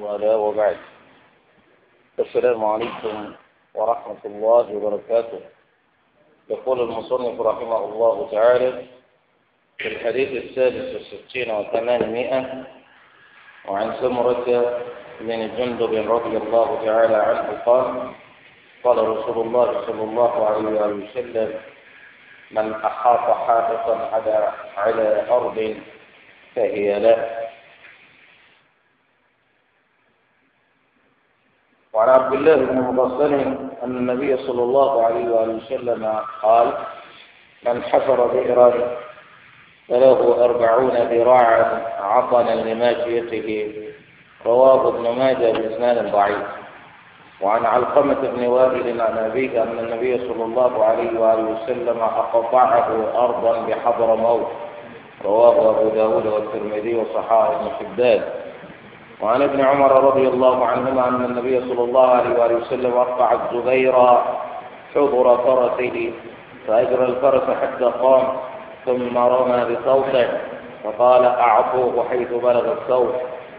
والاه وبعد السلام عليكم ورحمة الله وبركاته يقول المصنف رحمه الله تعالى في الحديث السادس والستين وثمانمائة وعن سمرة بن جندب رضي الله تعالى عنه قال قال رسول الله صلى الله عليه وسلم من أحاط حائطا على على أرض فهي لا وعن عبد الله بن مبصر أن النبي صلى الله عليه وآله وسلم قال من حفر بئرا فله أربعون ذراعا عطنا لماشيته رواه ابن ماجه بإسناد ضعيف وعن علقمة بن وائل عن أبيه أن النبي صلى الله عليه وآله وسلم أقطعه أرضا بحضرموت رواه أبو داود والترمذي وصححه ابن حبان وعن ابن عمر رضي الله عنهما أن النبي صلى الله عليه وآله وسلم وقع الزبير حضر فرسه فأجرى الفرس حتى قام ثم رمى بصوته فقال أعطوه حيث بلغ الصوت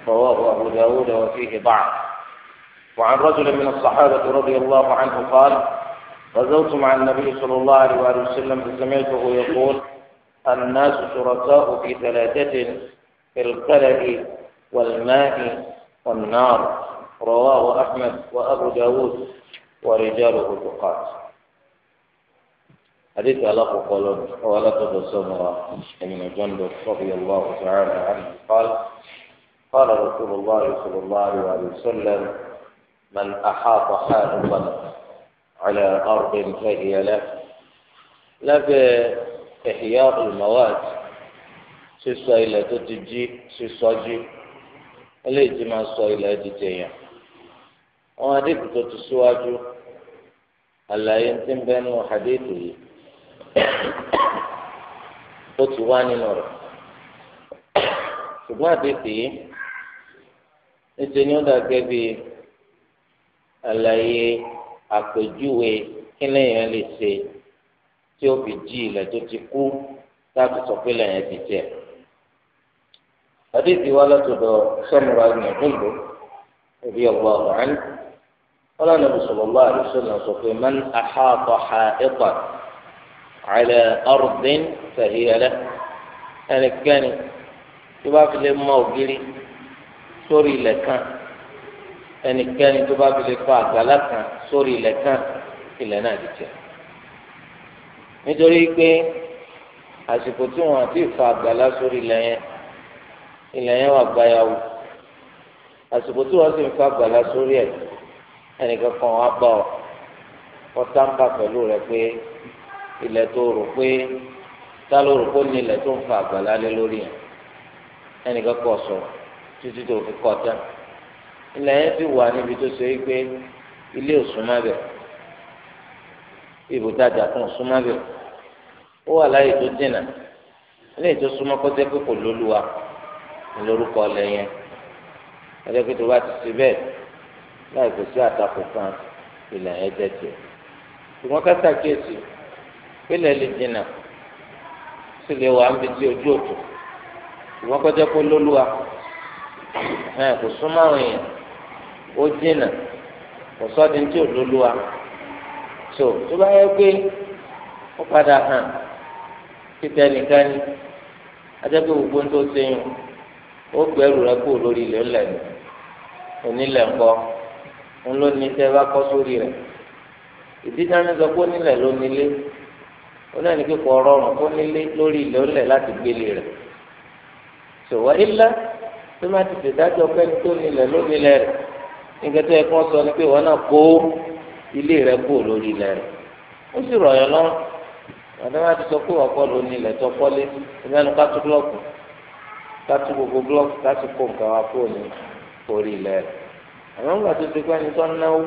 رواه أبو داود وفيه ضعف وعن رجل من الصحابة رضي الله عنه قال غزوت مع النبي صلى الله عليه وآله وسلم فسمعته يقول الناس شركاء في ثلاثة في القلب والماء والنار رواه أحمد وأبو داود ورجاله ثقات حديث ألاق قولون ولا تبصمر من جندب رضي الله تعالى عنه قال قال رسول الله صلى الله عليه وسلم من أحاط حائطا على أرض فهي له لبئ ẹ̀hìyá olùmọ̀wáàd sísọ ilẹ̀ tó ti jí sísọ jí eléyìí ti máa sọ ilẹ̀ di tèèyàn àwọn adéèkú tó ti síwájú àlàyé ti ń bẹ́ẹ̀ nù hadith yìí ó ti wá nínú rẹ̀ ṣùgbọ́n àdéhùn yìí níṣẹ́ ni ó dàgẹ́ bí àlàyé àpèjúwe kí lèèyàn lè ṣe tí ó fi jí ilẹ̀ tó ti kú táàbì sọ pé lẹ́yìn ti tẹ̀. Hadithi wa látọ̀dọ̀ Sọ́mùrà ibn Jundub radiyallahu anhu. Qala Nabi sallallahu alaihi wasallam sọ pé man ahata ha'itan ala ardin fahiya lahu. Ẹnikẹ́ni tó bá fi lè mọ ògiri sórí ilẹ̀ kan. Ẹnikẹ́ni tó bá fi lè fa àgbàlá kan sórí ilẹ̀ kan ilẹ̀ náà ti tẹ̀ nítorí pé àsìkò tí wọn àti ìfa àgbàlá sórí ilẹ̀ yẹn ilẹ̀ yẹn wà gbáyàwó àsìkò tí wọn sì ń fa àgbàlá sórí ẹ̀ ẹnìkan kan wá bá ọ wọ́n sáńpà pẹ̀lú rẹ pé ilẹ̀ tó rò pé ta ló rò pé ní ilẹ̀ tó ń fa àgbàlá lé lórí yẹn ẹnìkan kọ sọ̀rọ̀ títí tó fi kọ́ tán ilẹ̀ yẹn ti wà níbi tó ṣe pé ilé òsùnmábẹ̀ ibùdájà kan òsùnmábẹ̀ ó wà láyé tó dènà ilé tó súnmọ́ kó jẹ́ pé kò lóluwa lórúkọ ọlẹ́ yẹn ọjọ́ pé tó bá ti ṣe bẹ́ẹ̀ láì kò sí àtakò kan ilẹ̀ yẹn jẹ́ tiẹ̀ ṣùgbọ́n kásá kéèsì pélé lè dènà sì lè wà níbi tí ojú òtò ṣùgbọ́n kó jẹ́ pé lóluwa kò súnmọ́ àwọn èèyàn ó dènà kò sọ́ọ́dín tí ò lóluwa tó tó bá yẹ pé ó padà hàn títẹ nìkan ni adébẹ gbogbo ń tó sẹ́yìn ó gbẹrù rẹ kó lórí ilẹ̀ ńlẹ̀ ni onílẹ̀ ńkọ́ ńlọni tẹ bá kọ́ sórí rẹ̀ ìdíjà ní sọ pé onílẹ̀ ló nílé onáni kíkọ ọrọrùn kó nílé lórí ilẹ̀ ńlẹ̀ láti gbélé rẹ̀ sọwọ́ ilá tó má ti tẹ̀dájọ́ pẹ́ni tó nílẹ̀ ló nílẹ̀ rẹ̀ nígbà tó sọ ni pé wọn náà kó ilé rẹ̀ kó lórí ilẹ̀ rẹ̀ ó sì rọ̀ yọ lọ́rùn àti wọn ti sọ pé ọkọ ló ní ilẹ̀ tó kọ́lé ìmẹ́nu kátó blọ́ọ̀kù kátó gbogbo blọ́ọ̀kù kátó kó nǹkan wá kúrò ní orí ilẹ̀ rẹ̀ àwọn ìgbà tó ti pẹ́ ní tó ń náwó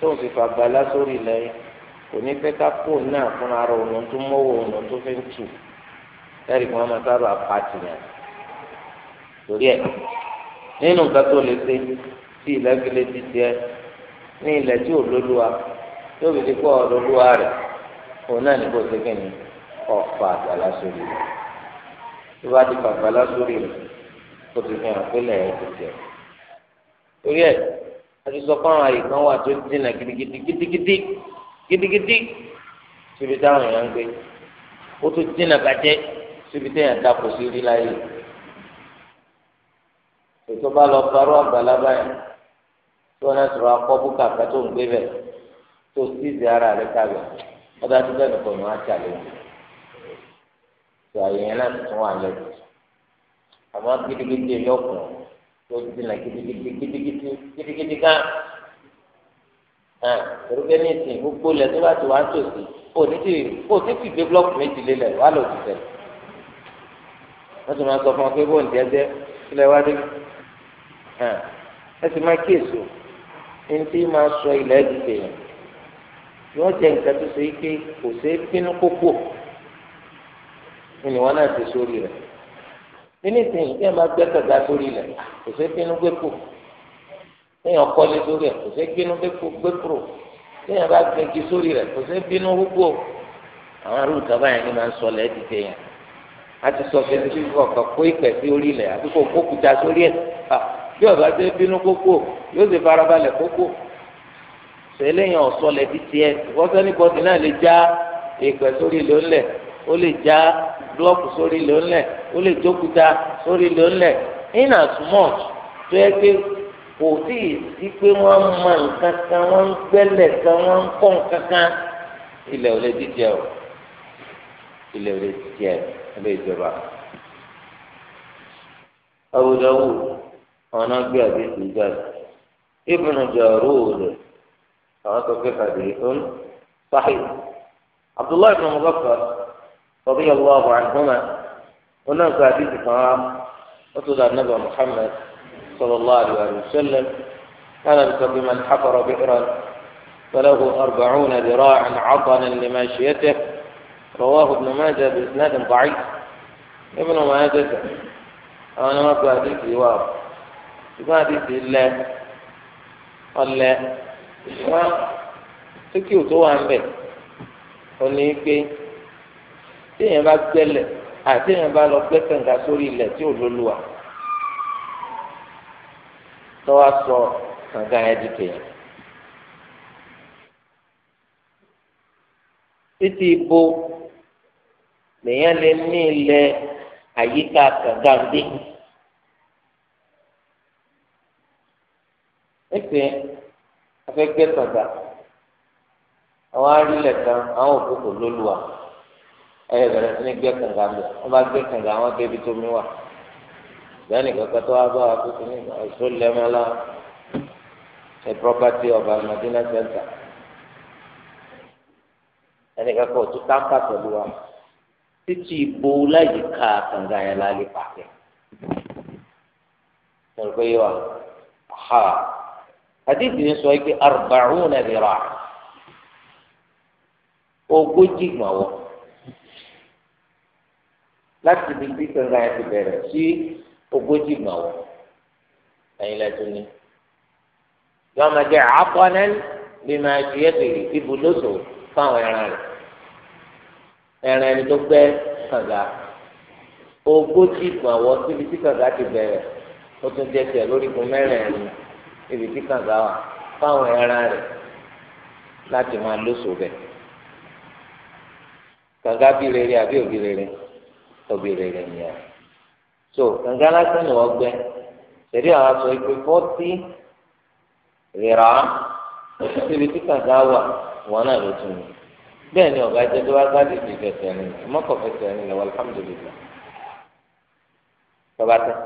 tó ń fi fàgbàlá sórí ilẹ̀ yẹn kò ní pẹ́ ká kó náà fúnra rẹ̀ òun tó mọ́wọ́ òun tó fi ń tù ẹ̀rì kan máa sábà pàtì yẹn torí ẹ̀ nínú nǹkan tó lè ṣe tí ilẹ̀ fi lè ti tiẹ̀ ní ilẹ̀ tí ò lóluwa tó fi ti kọ́ ọ lóluwa rẹ̀ òun náà ní kò sí kí ni ọ̀fà àgbàlá sórí rẹ̀ tó bá ti fàgbà lásòrí rẹ̀ kó ti fi hàn pé lẹ́yìn ti tẹ̀. torí ẹ̀ a ti sọ fáwọn àyè kan wà tó dínà gidigidi gidigidi gidigidi síbi táwọn èèyàn ń gbé ó tó dínà bàjẹ́ síbi téèyàn dàpọ̀ sí rí láyé. ètò bá lọ parọ́ àgbàlá báyìí tí wọ́n náà sọ̀rọ̀ akọ́ bùkà kátó ń gbé bẹ̀ tó sí ìdí ara rẹ̀ kábẹ̀ ọba tó bẹ́ẹ̀ nìkan yìí wọ́n á tà lẹ́yìn tó àyè yẹn náà tún wà lẹ́yìn àmọ́ gidigidi lọ́kùn tó dínà gidigidi gidigidi gidigidi gan torúkẹ́ ní ìsìn gbogbo lẹ̀ tó bá ti wá sòsì kò ní ti kò ní ti gbé blọọkù méjì lélẹ̀ wà lọ sí sẹ́lẹ̀ wọ́n ti máa sọ fún ọ pé bóun jẹ́ jẹ́ ilẹ̀ wá dé ẹ sì máa kíyèsí o ní ti máa sọ ilẹ̀ ẹ̀ ti sèyàn yóò jẹ nǹkan tó so yìí pé kò sí bínú kókó ìnìwọ náà ti sórí rẹ nínú ìsìn yìí máa gbẹ kàga sórí rẹ kò sí bínú gbẹkọ téèyàn kọ́lé sórí rẹ kò sí bínú gbẹkọ téèyàn bá gbẹgi sórí rẹ kò sí bínú gbogbo àwọn arúgbó kaba yẹn ni máa ń sọ lẹ́ẹ̀ ti téèyàn a ti sọ fẹsẹ̀ fífi kọ̀ọ̀kan kó ìpè sí orí rẹ àti kò kó sórí ẹ̀ bí ọba ṣe bínú kókó yóò ṣe farabalẹ̀ kókó sẹlẹyìn ọsọ lẹbi tiẹ ìfọsẹ ní bọdì náà lè já ìpẹ sórí ìlú ńlẹ ó lè já blọọkù sórí ìlú ńlẹ ó lè jókúta sórí ìlú ńlẹ in much tó yẹ pé kò tí ì sí pé wọn mọ nǹkan kan wọn ń gbẹlẹ kan wọn ń kọ nǹkan kan ilẹ̀ ò lè dídìẹ o ilẹ̀ ò lè dídìẹ ilé ìjọba Abu Dawud ọ̀nà gbé àdéhùn jáde Ibn Jarud rẹ̀. فأتوك حديث صحيح عبد الله بن مظفر رضي الله عنهما في حديث كمان وتدى النبي محمد صلى الله عليه وسلم كان بسبب من حفر بئرا فله أربعون ذراعا عطنا لماشيته رواه ابن ماجه بإسناد ضعيف ابن ماجه أنا ما في حديث رواه في حديث الله قال لا wọn síkì tó wà ń bẹ ó ní pé tí èèyàn bá gbẹ́lẹ̀ àti èèyàn bá lọ gbẹ́ kànga sórí ilẹ̀ tí ò lólùwà tó wá sọ kànga yẹn di tèèyàn. títí ibo lèèyàn lè ní ilẹ̀ àyíká kànga ń dé afẹ́ gbé kànga àwọn arílẹ̀ kan àwọn òkúkú lóluwà ẹ̀yẹ bẹ̀rẹ̀ sí ní gbé kànga lọ wọ́n bá gbé kànga àwọn débi tó mi wà bẹ́ẹ̀ nìkan kan tó wá bá wa kókó ní ìṣó lẹ́mọ́lá a property of Al-Madina Center ẹnìkan kan ò tún táǹkà pẹ̀lú wa títí ibo láyé ká kànga yẹn lálẹ́ pàkẹ́. Mo rò pé yóò wà ha àdéhùn yẹn sọ pé arbàrún nàbí rà ogójì gbàwọ láti ibi tí kankan yẹn ti bẹ̀rẹ̀ sí ogójì gbàwọ ẹ̀yin lẹ́tọ́ ni yọmọdé àpọnẹ bí máa ju ẹgbẹrẹ ibùdókò fáwọn ẹran rẹ ẹran ẹni tó gbẹ́ kànga ogójì gbàwọ síbi tí kànga ti bẹ̀rẹ̀ ó tún jẹ tẹ lórí kun mẹ́rin ẹni ibi tí kànga wà fáwọn ẹran rẹ̀ láti máa lóso bẹ̀. kànga bí rere àbí òbí rere òbí rere nìyẹn. so kànga lásán ni wọ́n gbẹ́ tẹ̀lé àwọn aṣọ ìpè fọ́tí rírà ibi tí kànga wà wọn náà ló tún ní. bẹ́ẹ̀ ni ọ̀gá jẹ́ tó wá sáàdì ìfẹsẹ̀ ni mọ́kànfẹsẹ̀ ni lọ́wọ́ alhamdulilayi. bàbá tẹ́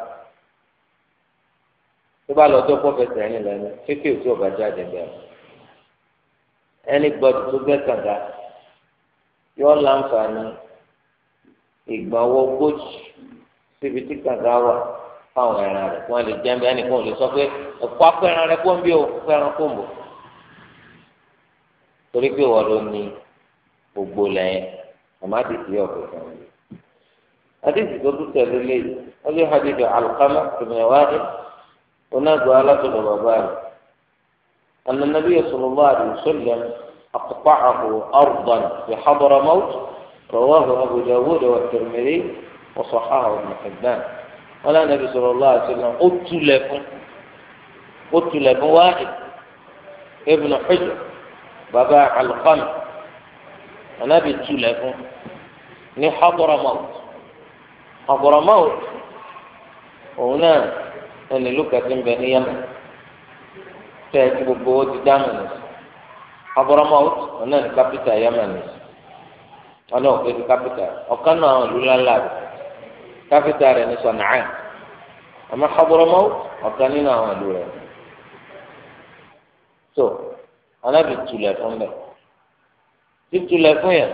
tó bá lọ dọ́kọ́ fẹsẹ̀ ẹni lẹ́nu kéèké tí ọba jáde bẹ́ẹ̀ ẹni gbọ́dọ̀ tó gbẹ́ kàga yọ láǹfààní ìgbàwọ́ ogójì síbi tí kàga wà fáwọn ẹran rẹ̀ wọ́n lè jẹ́ bẹ́ẹ̀ nìkan ò lè sọ pé ẹ̀kọ́ apẹ̀ran rẹ̀ kó ń bí o fẹ́ràn kó ń bọ̀ torí pé wọ́n ló ní gbogbo lẹ́yìn àmọ́ àti ìyá ọ̀pẹ̀ kan àdéhùn tó tún tẹ̀lé lé ọ lé hadith alqama tòmìnira wáyé. ونادوا على بابان أن النبي صلى الله عليه وسلم أقطعه أرضا بحضر موت رواه أبو داود والترمذي وصححه ابن حبان ولا النبي صلى الله عليه وسلم قلت لكم قلت لكم واحد ابن حجر بابا علقمة أنا بيت لكم ni موت حضر موت هنا ẹni lùkà ti ń bẹ ní yẹmẹ tẹ ẹ ti gbogbo ó ti dáhùn ní abúrámọ́t ọ̀nà ní kápítà yẹmẹ ní ọ̀nà òkè ní kápítà ọ̀kan náà àwọn ìlú ńláńlá rẹ kápítà rẹ ní sọ̀nàá àmọ́ abúrámọ́t ọ̀kan nínú àwọn ìlú rẹ tó anábì tulẹ̀ fún bẹ́ẹ̀ títulẹ̀ fún yẹn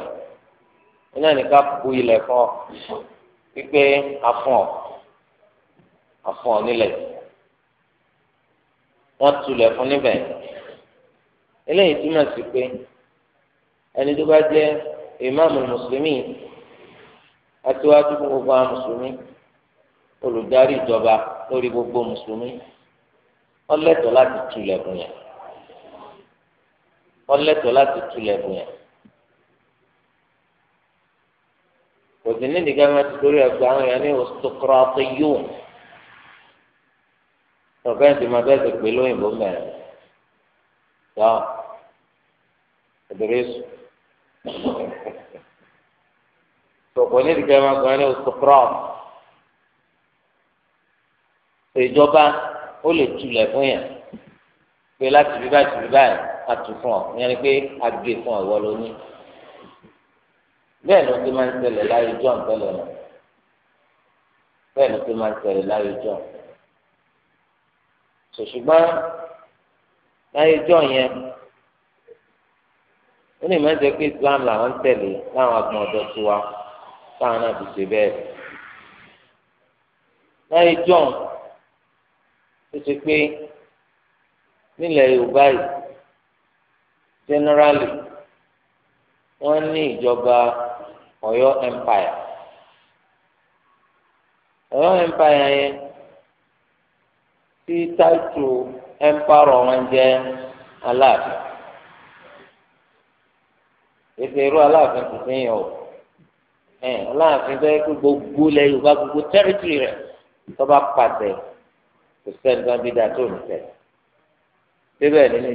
ọ̀nà ní ká bu ilẹ̀ fún pípé afún ọ àfọn onílẹ̀ wọ́n tulẹ̀ fún níbẹ̀ eléyìí túmọ̀ sí pé ẹni tó bá jẹ́ ìmáàmù mùsùlùmí atiwájú fún gbogbo àwọn mùsùlùmí olùdarí ìjọba lórí gbogbo mùsùlùmí ọlẹ́tọ̀ láti tulẹ̀ fún yẹn ọlẹ́tọ̀ láti tulẹ̀ fún yẹn. kò sí nídìí ká máa torí ẹgbẹ́ àwọn èèyàn ní aristocracy yóò tọ́fẹ́ǹsì máa fẹ́ẹ́ ti pè lóyìnbó mẹ́rin tọ́ ìdírísù tọ̀pọ̀ ní ìdíkẹ́ máa kọ́ ní ọ̀sọ̀kúrọ̀ ìjọba ó lè tulẹ̀ fún yẹn pé láti bí báyìí bí báyìí a tù fún ọ ìyẹn ni pé a gbé fún ọ̀wọ́ lónìí bẹ́ẹ̀ ló ti máa ń ṣẹlẹ̀ láyé jọ̀ ń tẹ́lẹ̀ náà bẹ́ẹ̀ ló ti máa ń ṣẹlẹ̀ láyé jọ̀ ń tẹ́lẹ̀ ṣùṣùgbọ́n láyé ọjọ́ yẹn ó lè má jẹ́ pé Islam làwọn ń tẹ̀lé láwọn agbọn ọ̀dọ́ tó wa táwọn náà ti ṣe bẹ́ẹ̀ láyé ọjọ́ tó ṣe pé nílẹ̀ Yorùbá yìí generally wọ́n ní ìjọba Ọ̀yọ́ empire Ọ̀yọ́ empire yẹn tí táìtù ẹ̀ńpárọ̀ wọn jẹ́ aláàfin ètò ìrú aláàfin kò sí yàn o aláàfin bẹ́ẹ̀ kó gbogbo ilẹ̀ yorùbá gbogbo tẹ́rìtìrì rẹ̀ tó bá pàṣẹ kò sẹ́ni bá bí dáa tó nìkẹ́ síbẹ̀ nínú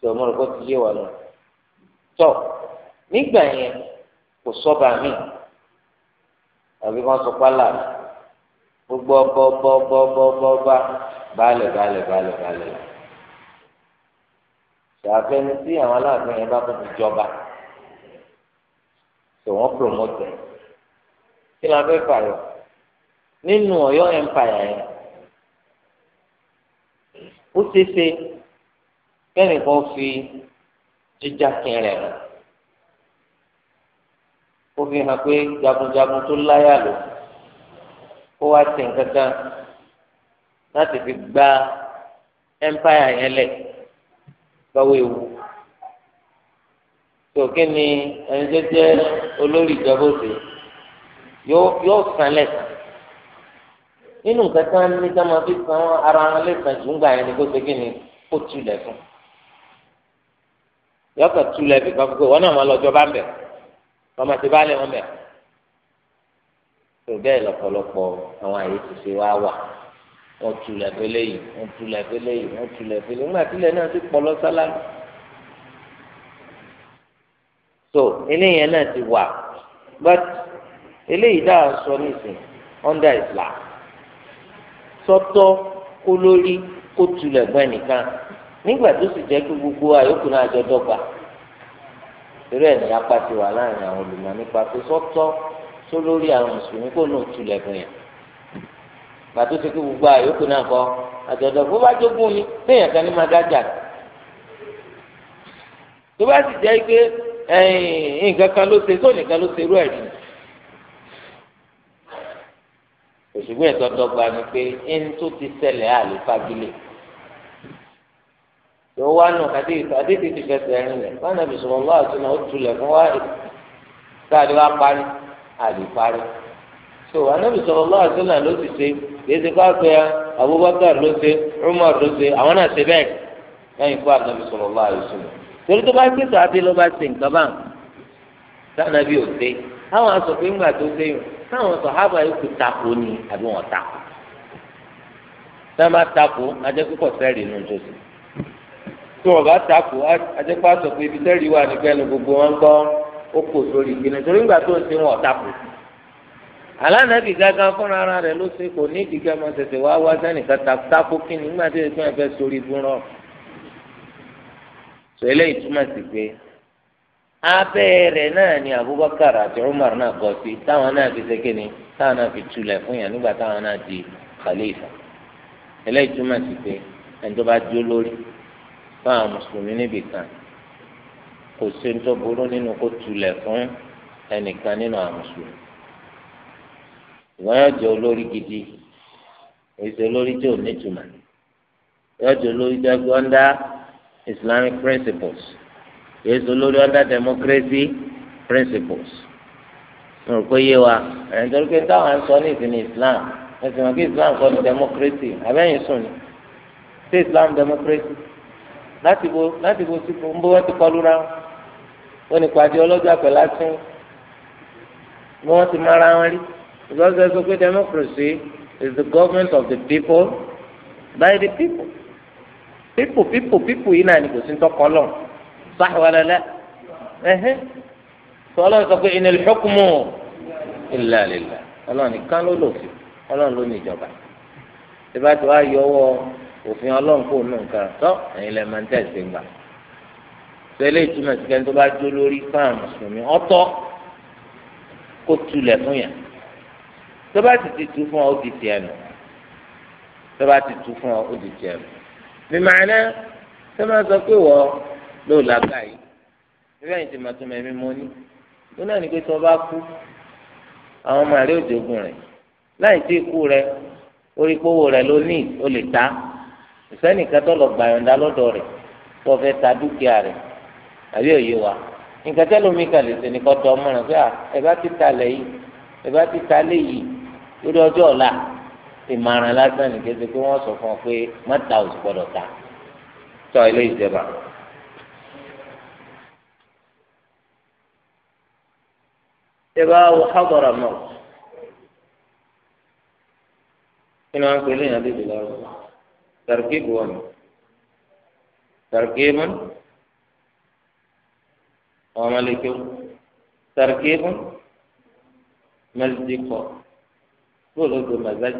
tòmọ́rọ́ kó ti yé wa lọ tọ́ nígbà yẹn kò sọ́ba míì àbí wọ́n sọ pálá mi gbogbo ọba ọba ọba ọba ọba ọba balẹ̀ balẹ̀ balẹ̀ balẹ̀ ṣàfẹ́ni tí àwọn aláàfin yẹn bá tó fi jọba tó wọ́n promote ẹ̀ kí ni a fẹ́ fàyọ nínú Ọ̀yọ́ empire yẹn ó ṣeéṣe kẹ́nìkan fi jíjà kẹrẹ̀ hàn ó fi hàn pé jagunjagun tó láyà lòun kó wá sí nǹkan kan láti fi gba ẹmpáyà yẹn lẹ̀ lọ́wọ́ ewu tó kí ni ẹni tó jẹ́ olórí ìjọba òde yóò san lẹ́sàn nínú nǹkan tí wọ́n ní tí wọ́n fi san ara wọn lẹ́sàn jù ń gbà yẹn ni kó ṣe kí ni kó tulẹ̀ fún yọkàn tulẹ̀ fi kan fún pé wọn náà máa lọ jọba ń bẹ̀ ọmọ ti bá lẹ̀ bẹ̀ tó bẹ́ẹ̀ lọ́pọ̀lọpọ̀ àwọn àyè ti ṣe wá wà wọ́n tulẹ̀ fẹ́lẹ́ yìí wọ́n tu fẹ́lẹ́ yìí wọ́n tulẹ̀ fẹ́lẹ́ nígbà tílẹ̀ náà ti pọ̀ lọ́sálá. so eléyìí náà ti wà but eléyìí dáa sọ nísìn under Islam sọ́tọ̀ kó lórí kó tulẹ̀ gbọ́n nìkan nígbà tó sì jẹ́ pé gbogbo àyókù náà jọ dọ́gba irú ẹ̀ ní apá ti wà láàrin àwọn olùmọ̀ nípa pé sọ́tọ̀. So tó lórí àwọn mùsùlùmí kó náà tulẹ̀ fún yàn pàtó ṣe kí gbogbo àyókù náà kọ àtọ̀dọ̀ bó bá jogún ni téèyàn kan ní máa dájà tó bá sì jẹ́ pé nǹkan kan ló ṣe tó nìkan ló ṣe irú ẹ̀ rí òṣùgbọ́n ẹ̀tọ́ dọ́gba ni pé ẹni tó ti ṣẹlẹ̀ àlè fagilé tó wá nù àdéhìí ti fẹsẹ̀ rìn lẹ̀ wọn nàbì sọ̀rọ̀ lọ́wọ́ àti náà ó tulẹ̀ fún wáyé sáà ni wọ́n á parí. àlùfáàrí so anabi sọlọ lọ àtúnà ló ti ṣe kìí ṣe káàtó ya abubakar ló ṣe umar ló ṣe àwọn náà ṣe bẹ́ẹ̀ lẹ́yìn fún anabi sọlọ lọ àyùsùn torí tó bá gbé sọ abẹ ló bá ṣe nǹkan bá ń sànàbí ò ṣe àwọn aṣọ pé ńgbà tó ṣe yùn táwọn sọ hábà yóò kú tako ni àbí wọn tako sábà tako ajẹkùkọ sẹẹrì tí bá pé ibi wà gbogbo ó kò sórí ìpinnu torí ńgbà tó ń sin wọn ọ̀tá kù alánàbì gángan fúnra ara rẹ̀ ló ṣe kò ní ìdíkẹ́ máa tẹ̀sẹ̀ wá wá sẹ́nìkan takó kínní nígbà tí èso yẹn sórí ìbúrọ̀ sọ eléyìí sí pé abẹ́ rẹ̀ náà ni Abubakar àti Umar náà kọ sí táwọn náà fi ṣẹ́kẹ́ ni táwọn náà fi tulẹ̀ fún yàn nígbà táwọn náà di khalifa eléyìí túmọ̀ sí pé ẹni tó bá dúró lórí fáwọn mùsùlùmí níbì kan kò sí tó burú nínú kó tulẹ̀ fún ẹnìkan nínú àwọn mùsùlùmí ìwọ́n yóò jẹ́ olórí gidi èsì olórí tí ò nítumọ̀ yóò jẹ́ olórí tí wọ́n under Islamic principles èsì olórí under democracy principles mo rò pé yé wa ẹ̀yìn tó ń pè táwọn sọ ní ìsìn Islam ẹ̀sìn wọn kí Islam kọ́ ní democracy abẹ́yìn sùn ni sí Islam democracy láti bo láti bo sí fún bó wọ́n ti kọ́ lura wọn wọ́n ní pàdé ọlọ́jà pẹ̀lú asín ni wọ́n ti mara wọn rí ìgbọ́sọ̀ sọ pé democracy is the government of the people by the people people people people yìí náà ni kò sí tọkọ lọ sáwàlálẹ ẹhẹ sọlọ sọ pé inil hukmu illa lillah ọlọ́run nìkan ló lòfin ọlọ́run ló ní ìjọba ìbátan ayọwọ òfin ọlọ́run nù nǹkan tọ ẹ̀yin lẹ gbà tẹ́lẹ̀ ìtumọ̀ sí kẹ́ni bá jó lórí fáwọn mùsùlùmí ọ̀tọ̀ kó tulẹ̀ fún yàn tó bá ti ti tu fún ọ ó di tiẹ̀ nù tó bá ti tu fún ọ ó di tiẹ̀ nù mímọ ẹ̀ náà tó máa sọ pé wọ́ ló lága yìí níbẹ̀ yìí ti máa tún mẹ́mí mọ́ ní ó náà ní pé tó bá kú àwọn ọmọ rẹ̀ òjòògùn rẹ̀ láì tí ikú rẹ̀ orí kówó rẹ̀ ló ní ó lè ta ìfẹ́ nìkan tó lọ gbàyànjá lọ́dọ̀ rẹ̀ tó fẹ́ ta dúkìá rẹ̀ àbí òye wa nǹkan tẹ́lómi kan lè ṣe ní kọ́ tọ́ ọmọràn pé ẹ bá ti ta lẹ̀ yìí ẹ bá ti ta lẹ̀ yìí lórí ọjọ́ ọ̀la ìmọ̀ràn lásán ní kété pé wọ́n sọ fún ọ pé má ta òsì gbọ́dọ̀ ta tọ́ ilé ìjẹba. ìjẹba wo hábọ̀rọ̀ mọ́ kí ni wọ́n ń léyìn àdéhùn lọ́wọ́ tàrkì bùwọ̀n tàrkì mọ́. وملك تركيب مزدق بلد مزج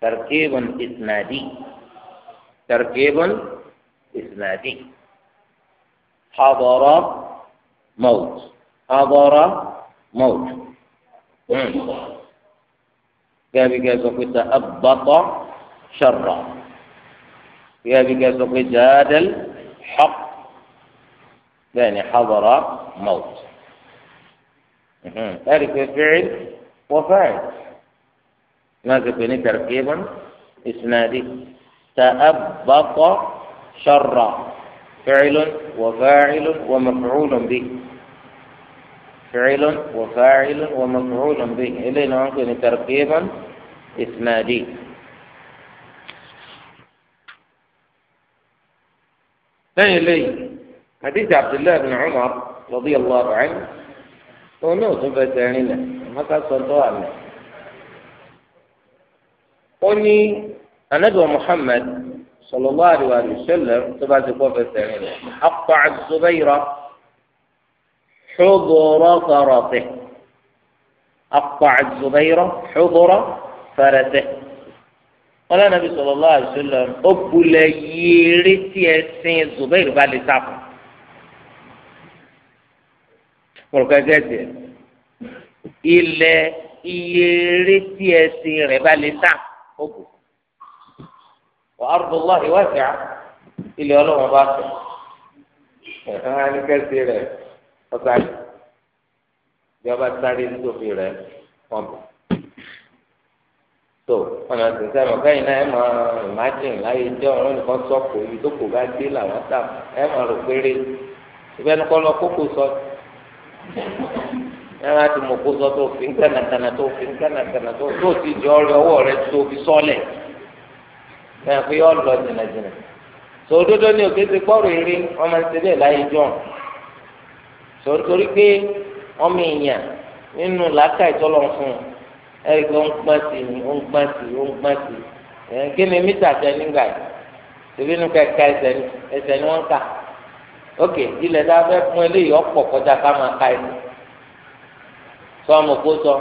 تركيب إسنادي تركيب إسنادي حضر موت حضر موت كابي كاسوك تأبط شرا كابي كاسوك جادل حق بين يعني حضر موت ترك فعل وفاعل ماذا بني تركيبا اسنادي تأبط شرا فعل وفاعل ومفعول به فعل وفاعل ومفعول به إلينا ممكن تركيبا إسنادي ثاني إليه حديث عبد الله بن عمر رضي الله عنه ونو ثبت عنا ما قصر طوال قني أندوى محمد صلى الله عليه وسلم ثبت قوفة عنا حقع الزبير حضر فرته أقطع الزبير حضر فرته قال النبي صلى الله عليه وسلم أبو ليرتي أسين الزبير بعد سافر kọ̀ọ̀kan gẹ̀ẹ́sì ilẹ̀ iye eré tí ẹsìn rẹ̀ bá lè tà ó kù wà á rọ̀ wá ìwádìí ilẹ̀ ọlọ́run bá fẹ̀ ẹ̀hán anikẹ́sì rẹ̀ ọ̀sáré ìjọba sáré nítòfin rẹ̀ wọ́n bọ̀ tó ọ̀nà tẹ̀sẹ̀ mọ̀ kẹ́yìn náà ẹ̀ máa ìmájìn láyé jẹ́ ọ̀run nìkan sọ̀kò ibi tó kò bá dé làwọn tà ẹ̀ máa rò péré ìbẹ́nukọ́ lọ kókò sọ̀tì. ẹran ti mọ̀ kó sọ tó fi ń kànàkànà tó fi ń tó tó ti jọ ọrẹ ọwọ́ rẹ tó fi sọ́lẹ̀ ẹran fi yọ lọ jìnnàjìnnà sọ òdodo ni òkè ti kpọ́rọ̀ eré wọ́n máa ń ṣe bẹ́ẹ̀ láyé jọ sọ nítorí pé ọmọ èèyàn nínú làákà ìtọ́lọ̀ fún un ẹ̀rí pé ó ń gbọ́n sí i ó ń gbọ́n sí ok ilẹ̀ tá a fẹ́ fún eléyìí ọ̀pọ̀ kọjá ká máa ka ẹnu sọ ọmọ kó sọ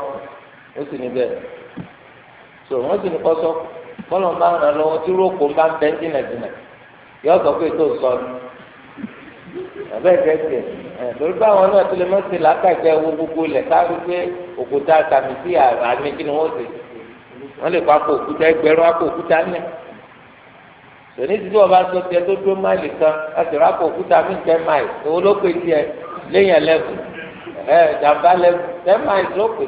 ó sì ní bẹ́ẹ̀ so wọ́n sì ní kọ́ sọ kọ́lọ̀ ń bá ràn lọ́wọ́ tí rókò ń bá ń bẹ́ jìnà jìnà yọ sọ pé tó sọ ni àbẹ́ gẹ̀ẹ́sì ẹ̀ lórí báwọn náà tó lè mọ́ sí làákàtẹ́ wo gbogbo lẹ̀ káwé pé òkúta tàbí sí àmì kí ni wọ́n ṣe wọ́n lè pa kó òkúta ẹgbẹ̀rún akó òkúta náà. tòní ti tí wọn bá sọ tiẹ tó dúró máìlì kan láti rà pọ̀ òkúta mí tẹ máìlì owó ló pè tiẹ léyìn lẹ́bù ẹ jàmbá lẹ́bù tẹ máìlì ló pè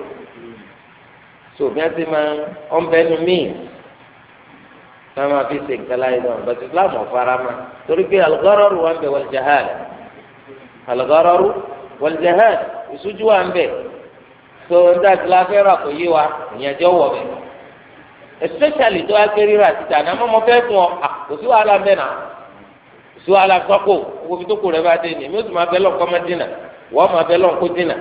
so bí wọn ti máa ń bẹ nu míì tí máa fi ṣe nǹkan láyé náà bàtí islam ọ̀fara ma torí pé alugọ́rọ́rù wà ń bẹ wal jahal alugọ́rọ́rù wal jahal ìṣújú wà so ń dá ìsìláfẹ́ rà kò yé wa ìyẹn wọ̀ especially tó wá pé rírà títà ní àmọ́ mo fẹ́ fún ọ kò sí wàhálà bẹ́ẹ̀ náà kò sí wàhálà sọ́kò owó fi tó kù rẹ̀ bá dé ni èmi ò sì máa bẹ́ lọ́n kọ́ máa dínà wọ́n máa bẹ́ lọ́n kó dínà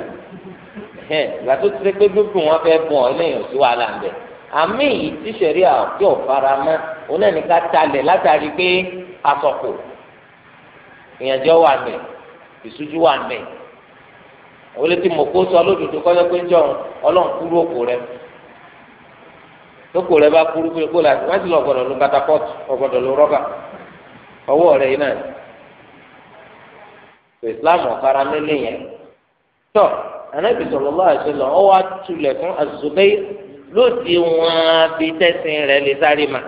ìgbà tó ti ṣe pé gbígbù wọn fẹ́ fún ọ eléyìí ò sí wàhálà ń bẹ̀ àmì yìí tí sẹ̀rí àti ọ̀fara mọ́ onínìka talẹ̀ látàrí pé asọ̀kò ìyànjẹ́ wà mẹ́ ìṣújú wà mẹ́ òun ti mọ̀ kó sọ lóko rẹ bá kúrú pé kó la wọ́n ti lọ gbọ́dọ̀ lu katakọ́tù ọgbọ́dọ̀ lu rọ́bà ọwọ́ rẹ yìí náà tó ìsìláàmù ọ̀fara mélé yẹn tó anábì sallallahu alaihi wasallam ọ wá tulẹ̀ fún az lóde wọn bí tẹ̀sìn rẹ lè sáré ma.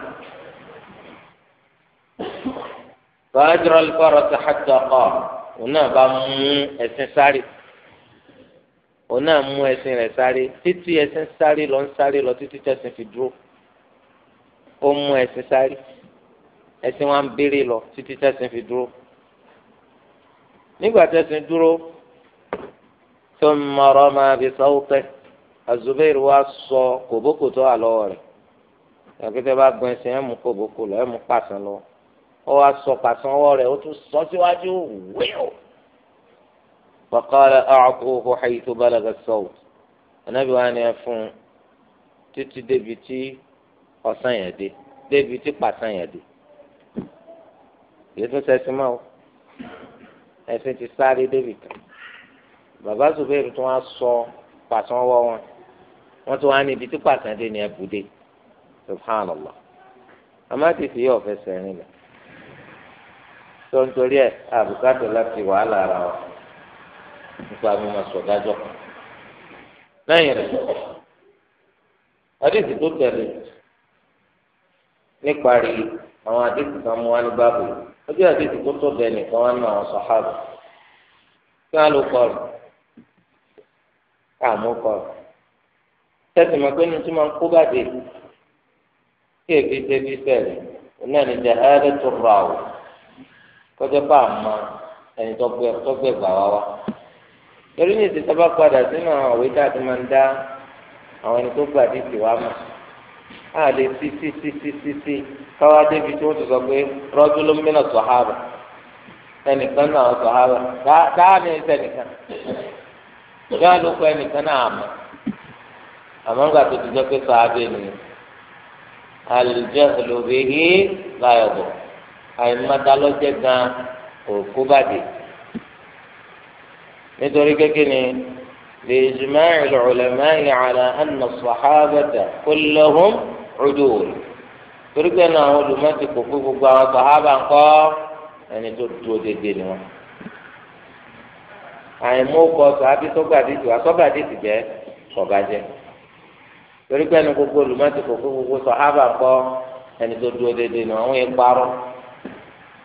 fàájọ́rọ̀ lùkọ́rọ̀ ti hàjọ́ ọ̀ òun náà bá mú ẹ̀sìn sáré òun náà mú ẹsìn rẹ̀ sáré títí ẹsìn sáré lọ ń sáré lọ títí tẹsìn fi dúró ó mú ẹsìn sáré ẹsìn wa ń béèrè lọ títí tẹsìn fi dúró nígbà tẹsìn dúró tó ń mọrọ máa fi sáwó pẹ azubairu wa sọ kòbókò tó wà lọ́wọ́ rẹ̀ àgbẹ̀tẹ̀ bá gbọ́n ẹsìn ẹ̀ mú kòbókò lọ ẹ̀ mú pàṣán lọ ọ wa sọ pàṣán ọwọ́ rẹ̀ ó tún sọ síwájú wíwò. فقال أعطوه حيث بلغ الصوت النبي وأنا يفون títí débi tí ọ̀sán yẹn dé débi tí pàṣán yẹn dé yẹtún sẹsìn mọ́ o ẹ̀sìn ti sáré débi kan bàbá zubairu tí wọ́n sọ pàṣán wọ́ wọn wọ́n tún wá níbi tí pàṣán dé ní ẹ̀bùdé subhanallah amátìsí yóò fẹsẹ̀ rìn lẹ̀ tó ń torí ẹ̀ àbùkátà láti wàhálà ara wọn. nípa mímọ sọdájọ kan lẹ́yìn rẹ̀ àdìsí tó tẹ̀lé níparí àwọn àdìsí kan mú wá ní báàbò ó jẹ́ tó nìkan wá nínú àwọn sọhábù kí wọn tẹsí ma pé ní tí wọn kó kí èbí a mọ ẹni torí ní ìsìn sábà padà sínú àwọn àwé tá a ti máa ń dá àwọn ẹni tó gbà ní ìsìwá mà á lè sí sí sí sí sí sí káwá débi tí wọ́n ti sọ pé rọ́jú ló mìíràn sọ̀hábà ẹnìkan náà sọ̀hábà dáa ní ẹsẹ̀ nìkan yóò á ló kọ ẹnìkan náà àmọ́ àmọ́ ńgbà tó ti jẹ́ pé sọ̀hábà nìyẹn alìjẹ́ olóbìnrin láyọ̀ bọ̀ àìmọ́dálọ́jẹ́ gan-an kò kó bàjẹ́ nítorí kékeré ni لإجماع العلماء على أن الصحابة كلهم عدول torípé náà àwọn olùmọ̀tì kò fún gbogbo àwọn sàhábà ńkọ́ ẹni tó dúró déédéé ni wọn. àìmọ́kọ sàábí sọ́gbàdìtì wá sọ́gbàdìtì jẹ́ sọ̀bàjẹ́ torípé ní gbogbo olùmọ̀tì kò fún gbogbo sàhábà ńkọ́ ẹni tó dúró déédéé ni wọn. àwọn yẹn parọ́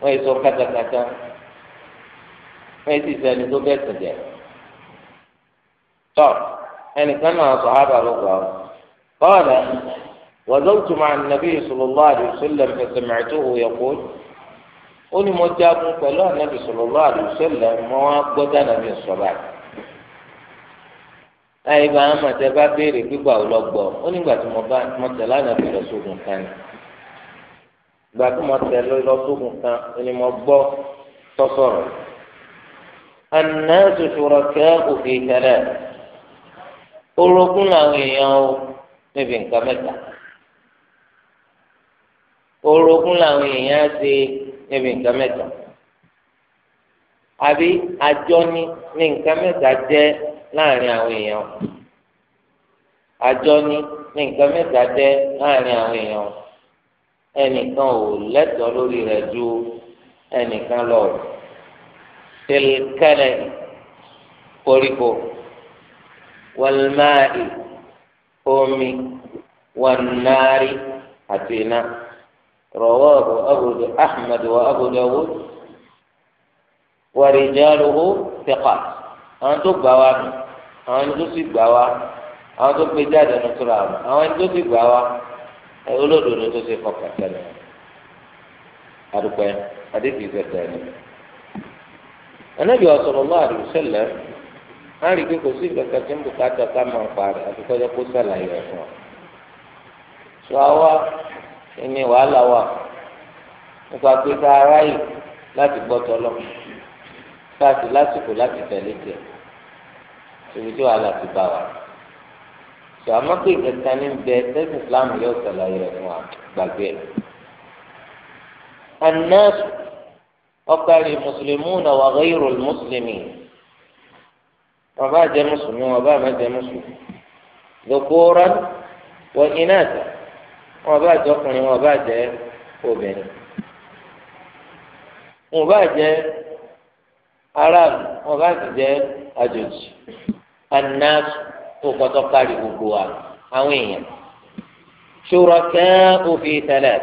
wọ́n yẹn sọ kátàkátà fẹ́ẹ́ sì sẹ́ni tó bẹ́ẹ̀ sùn jẹ́ tọ́ ẹnìkan náà sọ ha bàbá gbà ó kọ́ọ̀dà wàzọ́tù máa nàbí sọlọ́lá àdìsọ́lẹ̀ fẹsẹ̀mẹ̀tò òyẹ̀kọ́ ó ní mo jagun pẹ̀lú ànábì sọlọ́lá àdìsọ́lẹ̀ mọ́ wá gbọ́dọ̀ ànábì sọ̀rọ̀ àti láyé bá a máa tẹ bá béèrè gbígbà ó lọ gbọ́ ó nígbà tí mo bá mo tẹ lánàá lọ sógun kan ìgbà tí mo tẹ lọ sógun kan ni mo gbọ́ tọ́sọ̀rọ̀ anáàtò ṣùrọ̀kẹ́ òfin tẹ̀lẹ̀ orogún làwọn èèyàn o níbi nǹkan mẹ́ta orogún làwọn èèyàn ṣe níbi nǹkan mẹ́ta àbí àjọni ní nǹkan mẹ́ta jẹ́ láàrin àwọn èèyàn àjọni ní nǹkan mẹ́ta jẹ́ láàrin àwọn èèyàn ẹnìkan ò lẹ́tọ̀ọ́ lórí rẹ̀ ju ẹnìkan lọ rẹ̀ filkẹ́lẹ̀ koríko wàlmáàdì omi wàlnáàrí àti iná rọwọ́ọ̀bù abudu ahmed wa abudu awud wàrìjálùhù tẹ̀kà àwọn tó gbà wá nù àwọn tó sì gbà wá àwọn tó gbé jáde nù tóra àwọn tó sì gbà wá olódodo tó ṣe fọkàn tẹ̀lé adúpẹ́ adébíyí fẹ́ tẹ̀lé anabi sallallahu alaihi wasallam á rí i pé kò sí ìgbà kan tí ń bùkátà ká máa pa rẹ̀ àti kọjá kó sàlàyé rẹ̀ fún wa. sọ àwa ẹni wàhálà wà nípa pé ká aráyè láti gbọ́ tọ́lọ́ káàsì lásìkò láti tẹ̀lé jẹ tòbí tí wàhálà ti bá wa. sọ àmọ́ pé ìgbẹ́ta ní bẹ tẹ́sí islam yóò sàlàyé rẹ̀ gbàgbé. anáàsù ọkàlì mùsùlùmí náà wà ghayru mùsùlùmí wọn bá jẹ mùsùlùmí wọn bá má jẹ mùsùlùmí lókòórá wọ iná àtà wọn bá jẹ ọkùnrin wọn bá jẹ obìnrin wọn bá jẹ aráàlú wọn bá sì jẹ àjòjì anáàtù tó kọtọ kárí gbogbo wa àwọn èèyàn ṣòro kẹ́ òfin tẹ̀lẹ̀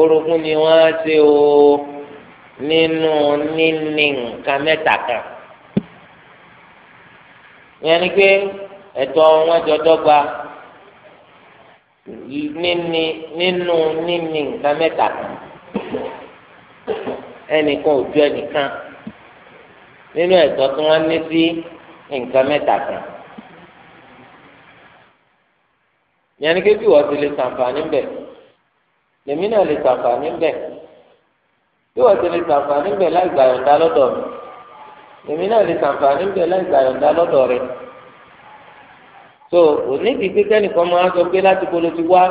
orogún ni wọ́n á ṣe o nínú níní nǹkan mẹ́ta kan ìyẹn ni pé ẹ̀tọ́ wọn jọ dọ́gba níní nínú níní nǹkan mẹ́ta kan ẹnìkan ò ju ẹnìkan nínú ẹ̀tọ́ tí wọ́n ní sí nǹkan mẹ́ta kan ìyẹn ni pé bí wọ́n ti lè ṣàǹfààní bẹ̀ lèmi náà lè ṣàǹfààní bẹ̀ bí wọ́n ti lè sàǹfààní bẹ̀ láì gbàyọ̀ǹda lọ́dọ̀ mi èmi náà lè sàǹfààní bẹ̀ láì gbàyọ̀ǹda lọ́dọ̀ rẹ̀ so onídìí pé kẹ́nìkan máa sọ pé láti bolo ti wá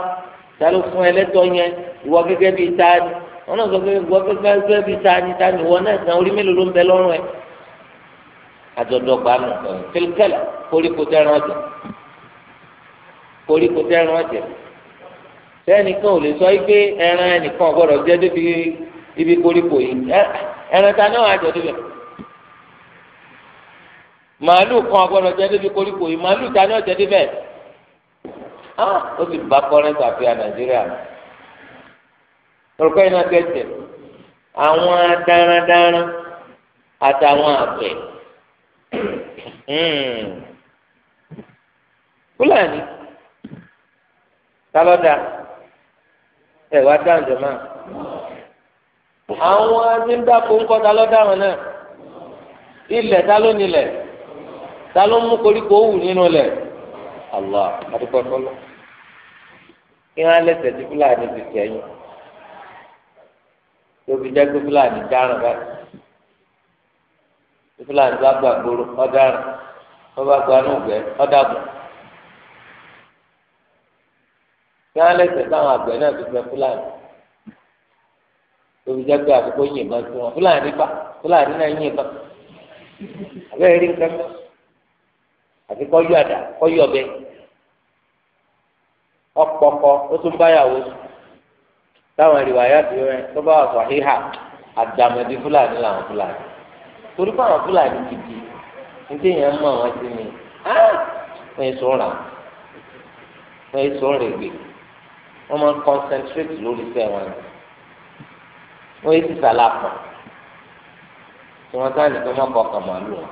ta ló fún ẹlẹ́tọ́ yẹn ìwọ gẹ́gẹ́ bíi ta ni wọ́n náà sọ pé ìwọ gẹ́gẹ́ bíi ta ni ta ni ìwọ náà san orí mélòó ló ń bẹ lọ́rùn ẹ̀ àjọ̀dọ̀gba nù kílkẹ́là koríko tẹ́ran ọ̀jẹ̀ koríko tẹ́ran ọ̀jẹ̀ sẹ́nìkan ò lè sọ pé ẹran ẹnìkan gbọ́dọ̀ jẹ́ débi ibi koríko yìí ẹran ta ni wọn àjọ níbẹ̀ màálù kan agbọ́dọ̀ jẹ níbi koríko yìí màálù ta ni wọn jẹ níbẹ̀ ah ó ti bá kọrẹsì àfihàn nàìjíríà orúkọ yìí náà gẹ̀ẹ́sì àwọn darandaran àtàwọn àgbẹ̀ hmm. fúlàní tálọ́dà ẹ̀ wá dáhùn jọ máa. àwọn anídàkọ ńkọta lọ́dàwọn náà ilẹ̀ ta nílẹ̀ ta mú koríko wù nínú lẹ̀ Allah adúgbò fọlọ́ kí lẹ́sẹ̀ tí fúlàní ti sẹ́yìn tóbi jẹ́ pé fúlàní dáràn báyìí tí fúlàní bá gbàgbóró ọ̀daràn wọ́n bá gba ọ̀dàbọ̀ kí lẹ́sẹ̀ táwọn àgbẹ̀ náà ti fẹ́ fúlàní. tóbi jẹ́ pé àdúgbò yìnbọn sí wọn fúlàní bá fúlàní náà yìnbọn abẹ́rẹ́ rí nǹkan mọ́ àti kọ́ yọ àdá kọ́ yọ ọbẹ̀ ọ̀pọ̀kọ ó tún báyàwó táwọn ìrìwà yàtọ̀ rẹ tó bá wà sọ híhà àdàmọ̀dé fúlàní làwọn fúlàní torí pé àwọn fúlàní gidi ní téèyàn mọ̀ wọ́n sí ni wọ́n yẹ sọ̀rọ̀ wọ́n yẹ sọ̀rọ̀ ègbè wọ́n máa ń concentrate lórí iṣẹ́ wọn wọn yé sísá lápọn tí wọn sáà nìkan mọkọ ọkàn màálù wọn.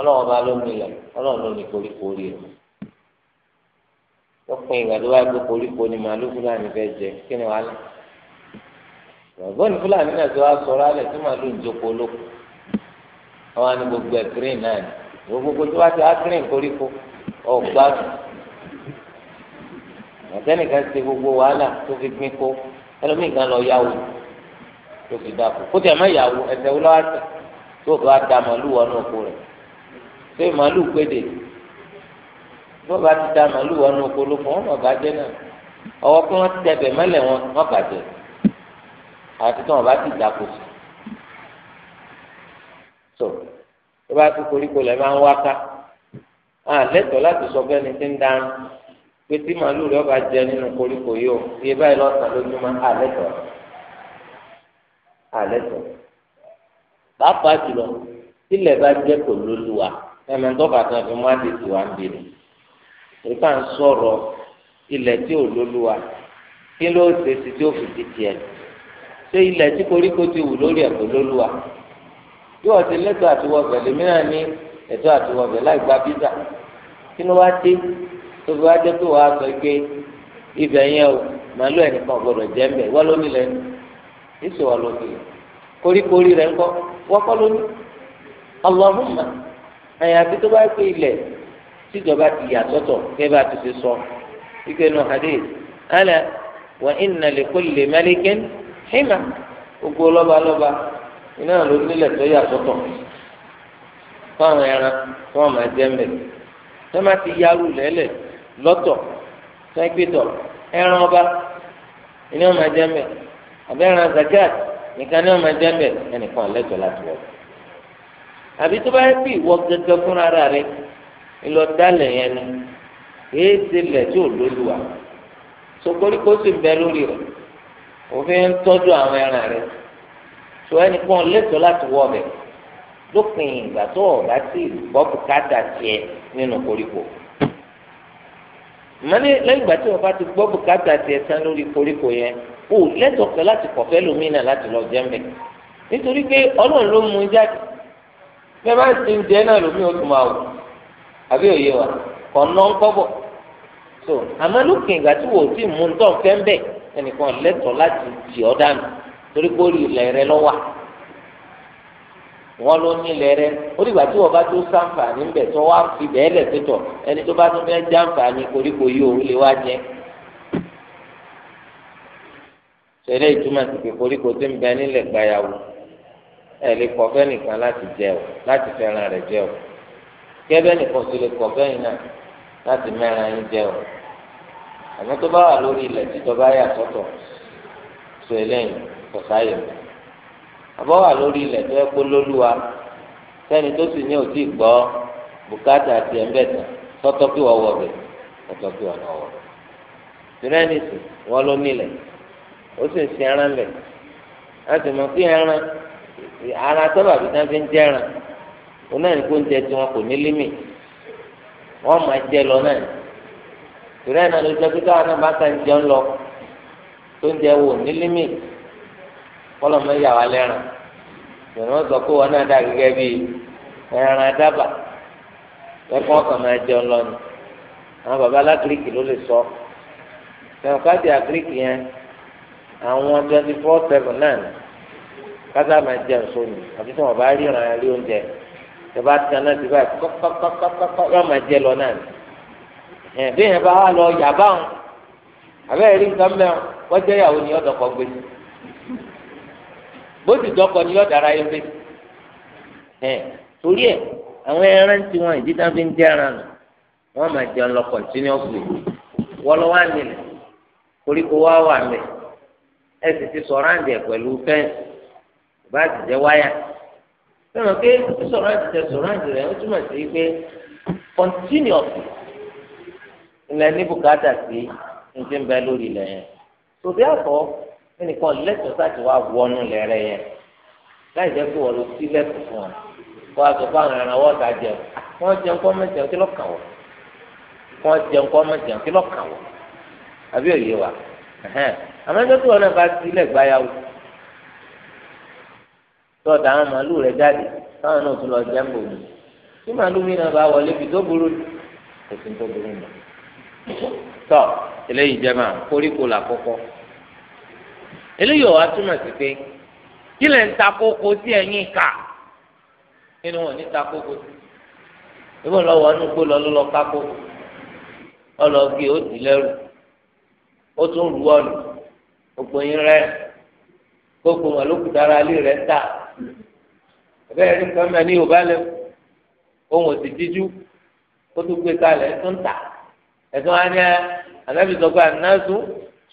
ọlọ́wọ́n bá ló nílẹ̀ ọlọ́wọ́n ló ní koríkorí rẹ̀ lọ́pọ̀ ìgbà tó bá gbé koríko ni màálù fúlàní fẹ́ jẹ kí ni wàá lẹ̀ ọ̀gbọ́n ní fúlàní náà tó wá sọ̀rọ̀ alẹ̀ tí màálù ń jókòó lóko wọn á ní gbogbo ẹ̀ green náà ní gbogbo tó bá ti á green koríko ọ̀gbádùn àtẹnìkan ṣe gbogbo wàhálà tó fi gbin kó ẹlòmíì kan lọ yáwó tó fi dáko kó tẹ̀ mọ́ ìyàwó ẹsẹ̀ wọlé wá tẹ̀ tó bá da màálù wọnú oko rẹ̀ ṣé màálù péde tó bá ti da màálù wọnú oko ló fún ọmọ bàjẹ́ náà ọwọ́ pé wọ́n tẹ̀bẹ̀ mọ́lẹ̀ wọn wọ́n bàjẹ́ àti tí wọ́n bá ti dáko sí tó tó bá ti koríko lẹ́ máa ń wá ká àlẹ́ tọ́ láti sọ fẹ́ni tí ń dáná pé tí màálù rẹ ọba jẹ nínú koríko yìí o iye báyìí lọ́sàn-án lójúmọ́ alẹ́ tọ̀ alẹ́ tọ̀ pàápàá jùlọ tílẹ̀ bá jẹ́ kò lóluwà ẹ̀mẹ̀ ń tọ́ka kan fi mú àdìsí wa ń bèrè ìfà ń sọ̀rọ̀ ilẹ̀ tí ò lóluwà kí ló ṣe sí tí ó fi di tiẹ̀ ṣé ilẹ̀ tí koríko ti wù lórí ẹ̀ kò bí wọ́n ti lẹ́tọ̀ àtiwọ́bẹ̀ lèmíràn ní ẹ̀tọ́ àtiwọ́bẹ̀ láì gba bísà tóbi wá jẹ́ pé wàá sọ pé ibẹ̀ yẹn o màálù ẹnìkan gbọdọ̀ jẹ́ mbẹ̀ wọ́n ló nílẹ̀ níṣẹ́ wọ́n ló nílẹ̀ koríkorí rẹ̀ ńkọ́ wọ́n kọ́ ló ní Allahumma àyàfi tó bá pé ilẹ̀ tíjọba ti yà sọ́tọ̀ kẹ́ bá ti fi sọ ike nu hadith ala wa inna li kulli malikin hima gbogbo lọ́ba lọ́ba iná ló nílẹ̀ tó yà sọ́tọ̀ fáwọn ẹran fún ọmọ ẹ̀jẹ̀ mbẹ̀ ti yárú lẹ́lẹ̀ lọ́tọ̀ sẹ́kítọ̀ ẹran ọba ni wọ́n máa jẹ́ mbẹ́ àbí ẹran zakat nìkan ni wọ́n máa jẹ́ mbẹ́ ẹnìkan lẹ́tọ̀ láti wọ̀ àbí tó bá yẹ kí ìwọ gẹ́gẹ́ fúnra rẹ̀ ìlọdálẹ̀ yẹn ni èyí ti lẹ̀ tí ò lóluwà sokoríko sì bẹ lórí rẹ̀ òfin ń tọ́jú àwọn ẹran rẹ̀ tó ẹnìkan lẹ́tọ̀ láti wọ̀ bẹ̀ lópin ìgbà tó ọ̀gá sí ìgbọ́ bùkátà tiẹ̀ nínú koríko. No ìmọ̀lẹ́ lẹ́yìn ìgbà tí wọ́n bá ti gbọ́ bùkátà tiẹ̀ tán lórí koríko yẹn o lẹ́tọ̀ọ́ kan láti kọ̀fẹ́ lómìnà láti lọ jẹ́ mbẹ́ nítorí pé ọlọ́run ló mú jáde bẹ́ẹ̀ bá ti ń jẹ́ náà lómi ó tún máa wò àbí òye wa kàn ná ń kọ́bọ̀ so àmọ́ lókè ìgbà tí wò ó ti mú ń tọ̀ fẹ́ mbẹ́ ẹnìkan lẹ́tọ̀ọ́ láti jì ọ́ dànù torí pé ó lè rẹ lọ́wọ́ wọn ló nílẹ̀ rẹ ó dìgbà tí wọn bá tó sàǹfààní ńbẹ tó wá fi bẹ́ẹ̀ lẹ̀ pẹ̀tọ̀ ẹni tó bá tó fẹ́ jàǹfààní koríko yìí òun lè wá jẹ. sẹ́lẹ̀ ìtumọ̀ sí pé koríko tó ń bẹ nílẹ̀ gbayàwó ẹ̀ lè kọ́ fẹ́ nìkan láti jẹ o láti fẹ́ràn rẹ̀ jẹ o kẹ́bẹ́ nìkan sì lè kọ́ fẹ́yìn náà láti mẹ́ran yín jẹ o àmọ́ tó bá wà lórí ilẹ̀ títọ́ bá yà sọ́tọ̀ sọ eléyìí kọ̀ sáyẹ̀ àbọ̀ wà lórí ilẹ̀ tó yẹ kó lólúwa sẹ́ni tó sì ní òtí gbọ́ bùkátà àti ẹ̀ńbẹ̀ tán tọ́tọ́ kí wọ́n wọ̀ bẹ̀ tọ́tọ́ kí wọ́n náà wọ̀ bẹ̀. tìrẹ́nìtì wọ́n ló nílẹ̀ ó sì ń sin ẹran lẹ̀ a sì mọ̀ pé ẹran ara sábà bí sáfẹ́ ń jẹ́ran òun náà ní kó ń jẹ tí wọn kò ní límì wọ́n máa jẹ lọ náà tìrẹ́nìtì ló jẹ́ pé káwọn náà bá ta ń jẹun lọ tó ń jẹ wò ní límì kọ́lọ̀ mọ́ yà wá lẹ́ràn ìrìn wọn sọ pé wọn náà dà gẹ́gẹ́ bí ẹran dábà ẹ̀kọ́ kan máa jẹun lọ́nu àwọn baba alágíríkì ló lè sọ ẹ̀rọ káàdì agíríkì yẹn àwọn twenty four seven náà kátà máa jẹun sóni àbí tí wọn bá ríran rí oúnjẹ ìjọba tí wọn náà ti báyìí kọ́kọ́kọ́kọ́ yóò máa jẹ lọ náà ẹ̀ bí yẹn bá wà lọ yàbá wọn àbẹ́rẹ́ rí nǹkan mẹ́rin wọ́n jẹ́ ìyàwó ni ọ̀dọ̀ gbé sí bó ti dọkọ ni yọ dára yọ pé ẹ torí ẹ àwọn ẹran tí wọn ìdí tán fi ń jẹ ẹran nù wọn máa jẹun lọ continuously wọlọ wà nílẹ̀ koríko wá wà mẹ ẹ sì ti sọ ráǹdì ẹ pẹ̀lú fẹ́ǹsì bá ti jẹ wáyà fẹ́ràn pé sọ ráǹdì tẹ sọ ráǹdì rẹ ó túmọ̀ sí pé continuously ilẹ̀ ní bùkátà sí ní ti ń bẹ lórí ilẹ̀ yẹn tòbí àpọ̀ ẹnìkan lẹ́tọ̀ọ́ sáàtì wá wọnú lẹ́rẹ́ yẹn láì jẹ́ pé wọ́n lọ sí lẹ́tọ̀ọ́ fún wọn kó a sọ fáwọn ìrànwọ́ ọ̀tá jẹun wọ́n jẹun kọ́ mẹ́jẹun kí lọ́kàn wọ̀ wọ́n jẹun kọ́ mẹ́jẹun kí lọ́kàn wọ̀ àbí òye wa àmọ́jọ́ tí wọn náà bá sí ilẹ̀ gbáyàwó tọ́ta àwọn màálù rẹ̀ jáde táwọn náà tún lọ jẹ́ ń bò mí tí màálù mi náà bá wọlé fi tó burú kò sí tó burú mọ́ tọ́ eléyìí jẹ́ máa koríko làkọ́kọ́ eléyìí ọ̀wá túmọ̀ sí pé kí lẹ̀ ń ta kókó sí ẹ̀yìn kà ni wọn ní ta kókó sí ìbò lọ́wọ́ ọdún gbó lọ ló lọ ká kókó ọlọ́ọ̀gì ó dì lẹ́rù ó tún rú ọ̀lù gbogbo yín rẹ gbogbo wọn ló kù dára lé rẹ ta bẹ́ẹ̀ ní kọ́mẹ́ ní yorùbá lẹ ohun òsì jíjú ó tún gbé kalẹ̀ tó ń tà ẹ̀sùn wa ní ẹ ànábì sọ pé ànáṣú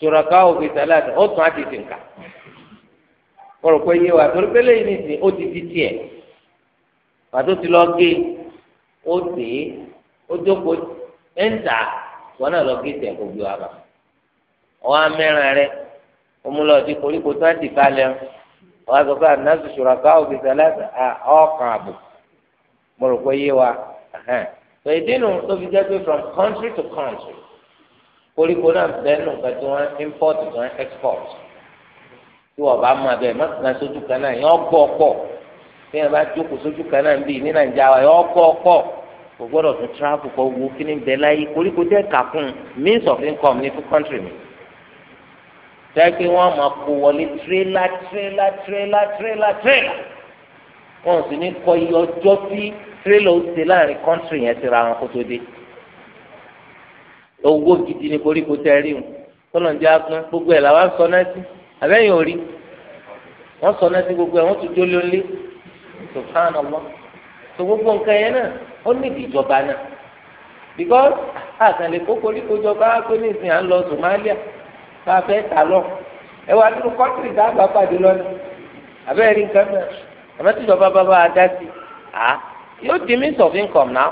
sùràká òfin sàlàtì ó tún á ti sìnkà wọn rò pé yé wa torí pé ti di tiẹ̀ pàtó ti lọ gé ó dé o jókòó ẹńtà wọn náà lọ gé tẹ kó wa bá wọn amẹ́ràn rẹ omulọ̀dì koríko tó á ti kalẹ̀ wọn sọ pé so ìdí from country to country. koríko náà bẹ́ẹ̀ nù tí wọ́n import tí wọ́n export tí wọ́n bá máa bẹ̀ mọ́tìlá sójú kan náà yọ gbọ́ ọ̀pọ̀ bí wọ́n bá jókòó sójú kan náà bíi ní nàìjíríà yọ gbọ́ ọ̀pọ̀ kò gbọ́dọ̀ tún travel kọ wo kí ni bẹ láyé koríko jẹ́ kàkún means of income ní fún country mi jẹ́ pé wọ́n máa kó wọlé tírélà tírélà tírélà tírélà tírélà wọ́n sì ní kọ iye ọjọ́ tí tírélà ó ṣe láàrin country yẹn ti ra wọn kó dé owó gidi ní koríko tẹ rí wọn tọ́lọ̀ ń jẹ́ agbọ́n gbogbo ẹ̀ làwọn sọ náà sí àbẹ́yìn ò rí wọ́n sọ náà sí gbogbo ẹ̀ wọ́n tún jó lólé subhanallah tó gbogbo nǹkan yẹn náà ó ní ìjọba náà because àtàlẹ́ kó koríko jọba pé ní ìsìn à ń lọ Somalia ká fẹ́ tà lọ ẹ wá nínú kọ́ńtìrì tá a bá pàdé lọ́nà àbẹ́rẹ́ nǹkan náà àmọ́ tíjọba bá bá a dá sí ah yóò di means of income now.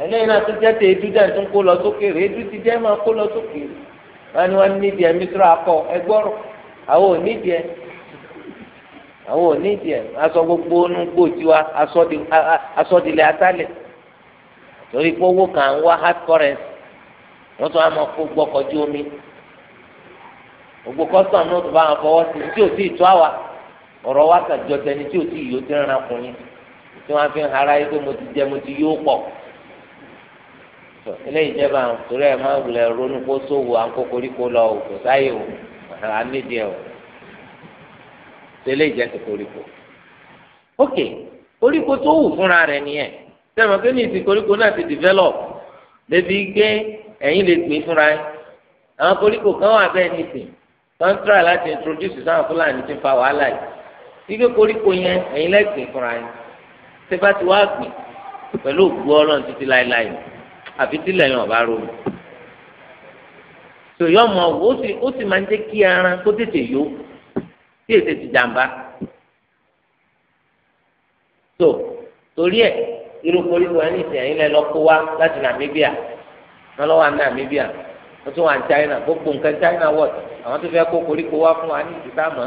ẹlẹ́yìn náà tó jẹ́ tẹ edu dẹ̀ tó ń kó lọ sókè rẹ̀ edu ti jẹ́ máa kó lọ sókè rẹ̀ wọ́n ní wọ́n ẹ̀mí akọ àwọn ò àwọn ò gbogbo gbò tiwa aṣọdìlẹ̀ atálẹ̀ torí pé owó kan wá hard currency wọ́n tún kó omi gbogbo custom náà tó bá wọn fọwọ́ sí tí àwa ọ̀rọ̀ wa kàn tí yóò ti rán kùnrin tí wọ́n tó eléyìí jẹ́ báwọn torí ẹ̀ máa wulẹ̀ ronú kó sówó à ń kó koríko lọ o kò sáyè o à ń nídìí ẹ̀ o tó eléyìí jẹ́ ti koríko. ok koríko tó wù fúnra rẹ̀ nìyẹn sẹ́wọ̀n kí ni ìsìn koríko náà ti develop débi gé ẹ̀yìn lè pè fúnra ẹ̀ àwọn koríko kan wà bẹ́ẹ̀ nìsín kọ́ńtrà láti introduce sáwọn fúlàní ti fa wàhálà yìí ike koríko yẹn ẹ̀yìn lẹ́gbẹ̀ẹ́ fúnra ẹ̀ tẹ́fà ti wá gbìn pẹ̀lú ògbó ọlọ́run títí láéláé yìí àfi tílẹ̀ yẹn ọba ro tò yọ ọmọ wò ó sì ó sì máa ń jẹ́ kí ẹran kó tètè yó tí èsè ti jàǹbá tó torí ẹ irúgbórí wa ní ìsìn àyìnlẹ lọ kó wa láti Namibia wọn lọ wà ní Namibia wọn tún wà ní China gbogbo nǹkan China wọt àwọn tó fẹ́ kó koríko wá fún wa ní ìsìtá mọ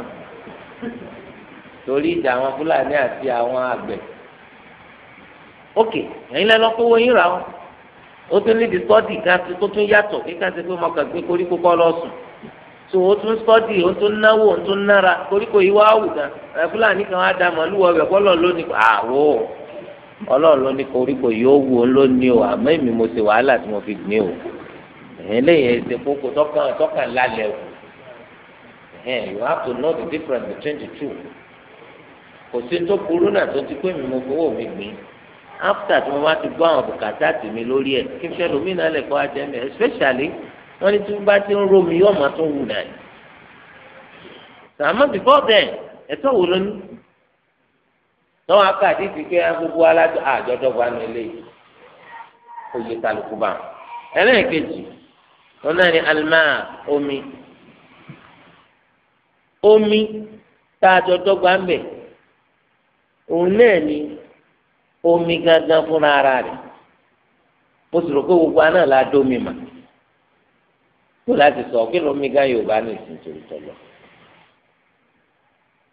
torí ìjà àwọn Fúlàní àti àwọn àgbẹ̀ ókè àyìnlẹ lọ kó wo yín ra wọn ó tún níbi sọ́ọ̀dì kan tó tún yàtọ̀ kíkà sí pé mo kàn gbé koríko kọ́ lọ sùn tó o tún sọ́ọ̀dì o tún náwó o tún nára koríko yìí wá wù gan fúlàní kan á da màálù wọ ọbẹ̀ kọ́lọ̀ lónìí àwò ọlọ́run ló ní koríko yìí ó wù ó lónìí o àmọ́ èmi mo ṣe wàhálà tí mo fi gbìn o eléyìí ẹsẹ̀ kókó tọ́kàn lálẹ́ o you have to know the difference between the two kò sí tó burú náà tó ti pé mi mo fowó mi gbìn after tí mo bá ti gbọ́ àwọn bùkátà tì mí lórí ẹ̀ kí n fẹ́ lómi náà lẹ́kọ́ ajẹ́ mi especially wọ́n ní tí wọ́n bá ti ń ro mi yóò máa tún wù náà. sàmọ́ before then ẹ̀tọ́ wo ló ní. tọ́wọ́n aká àti ìfikẹ́ gbogbo alájọ àjọdọ́gba ní ilé oyè kálukú bá. ẹlẹ́ẹ̀kejì wọn náà ní alimáà omi omi tá a jọ dọ́gba ń bẹ̀ òun náà ní. omi gángan fúnra ara rẹ̀ mo sì rò pé gbogbo la domi ma. tó láti sọ kí ló mi gán yorùbá ní ìsìn tọlọ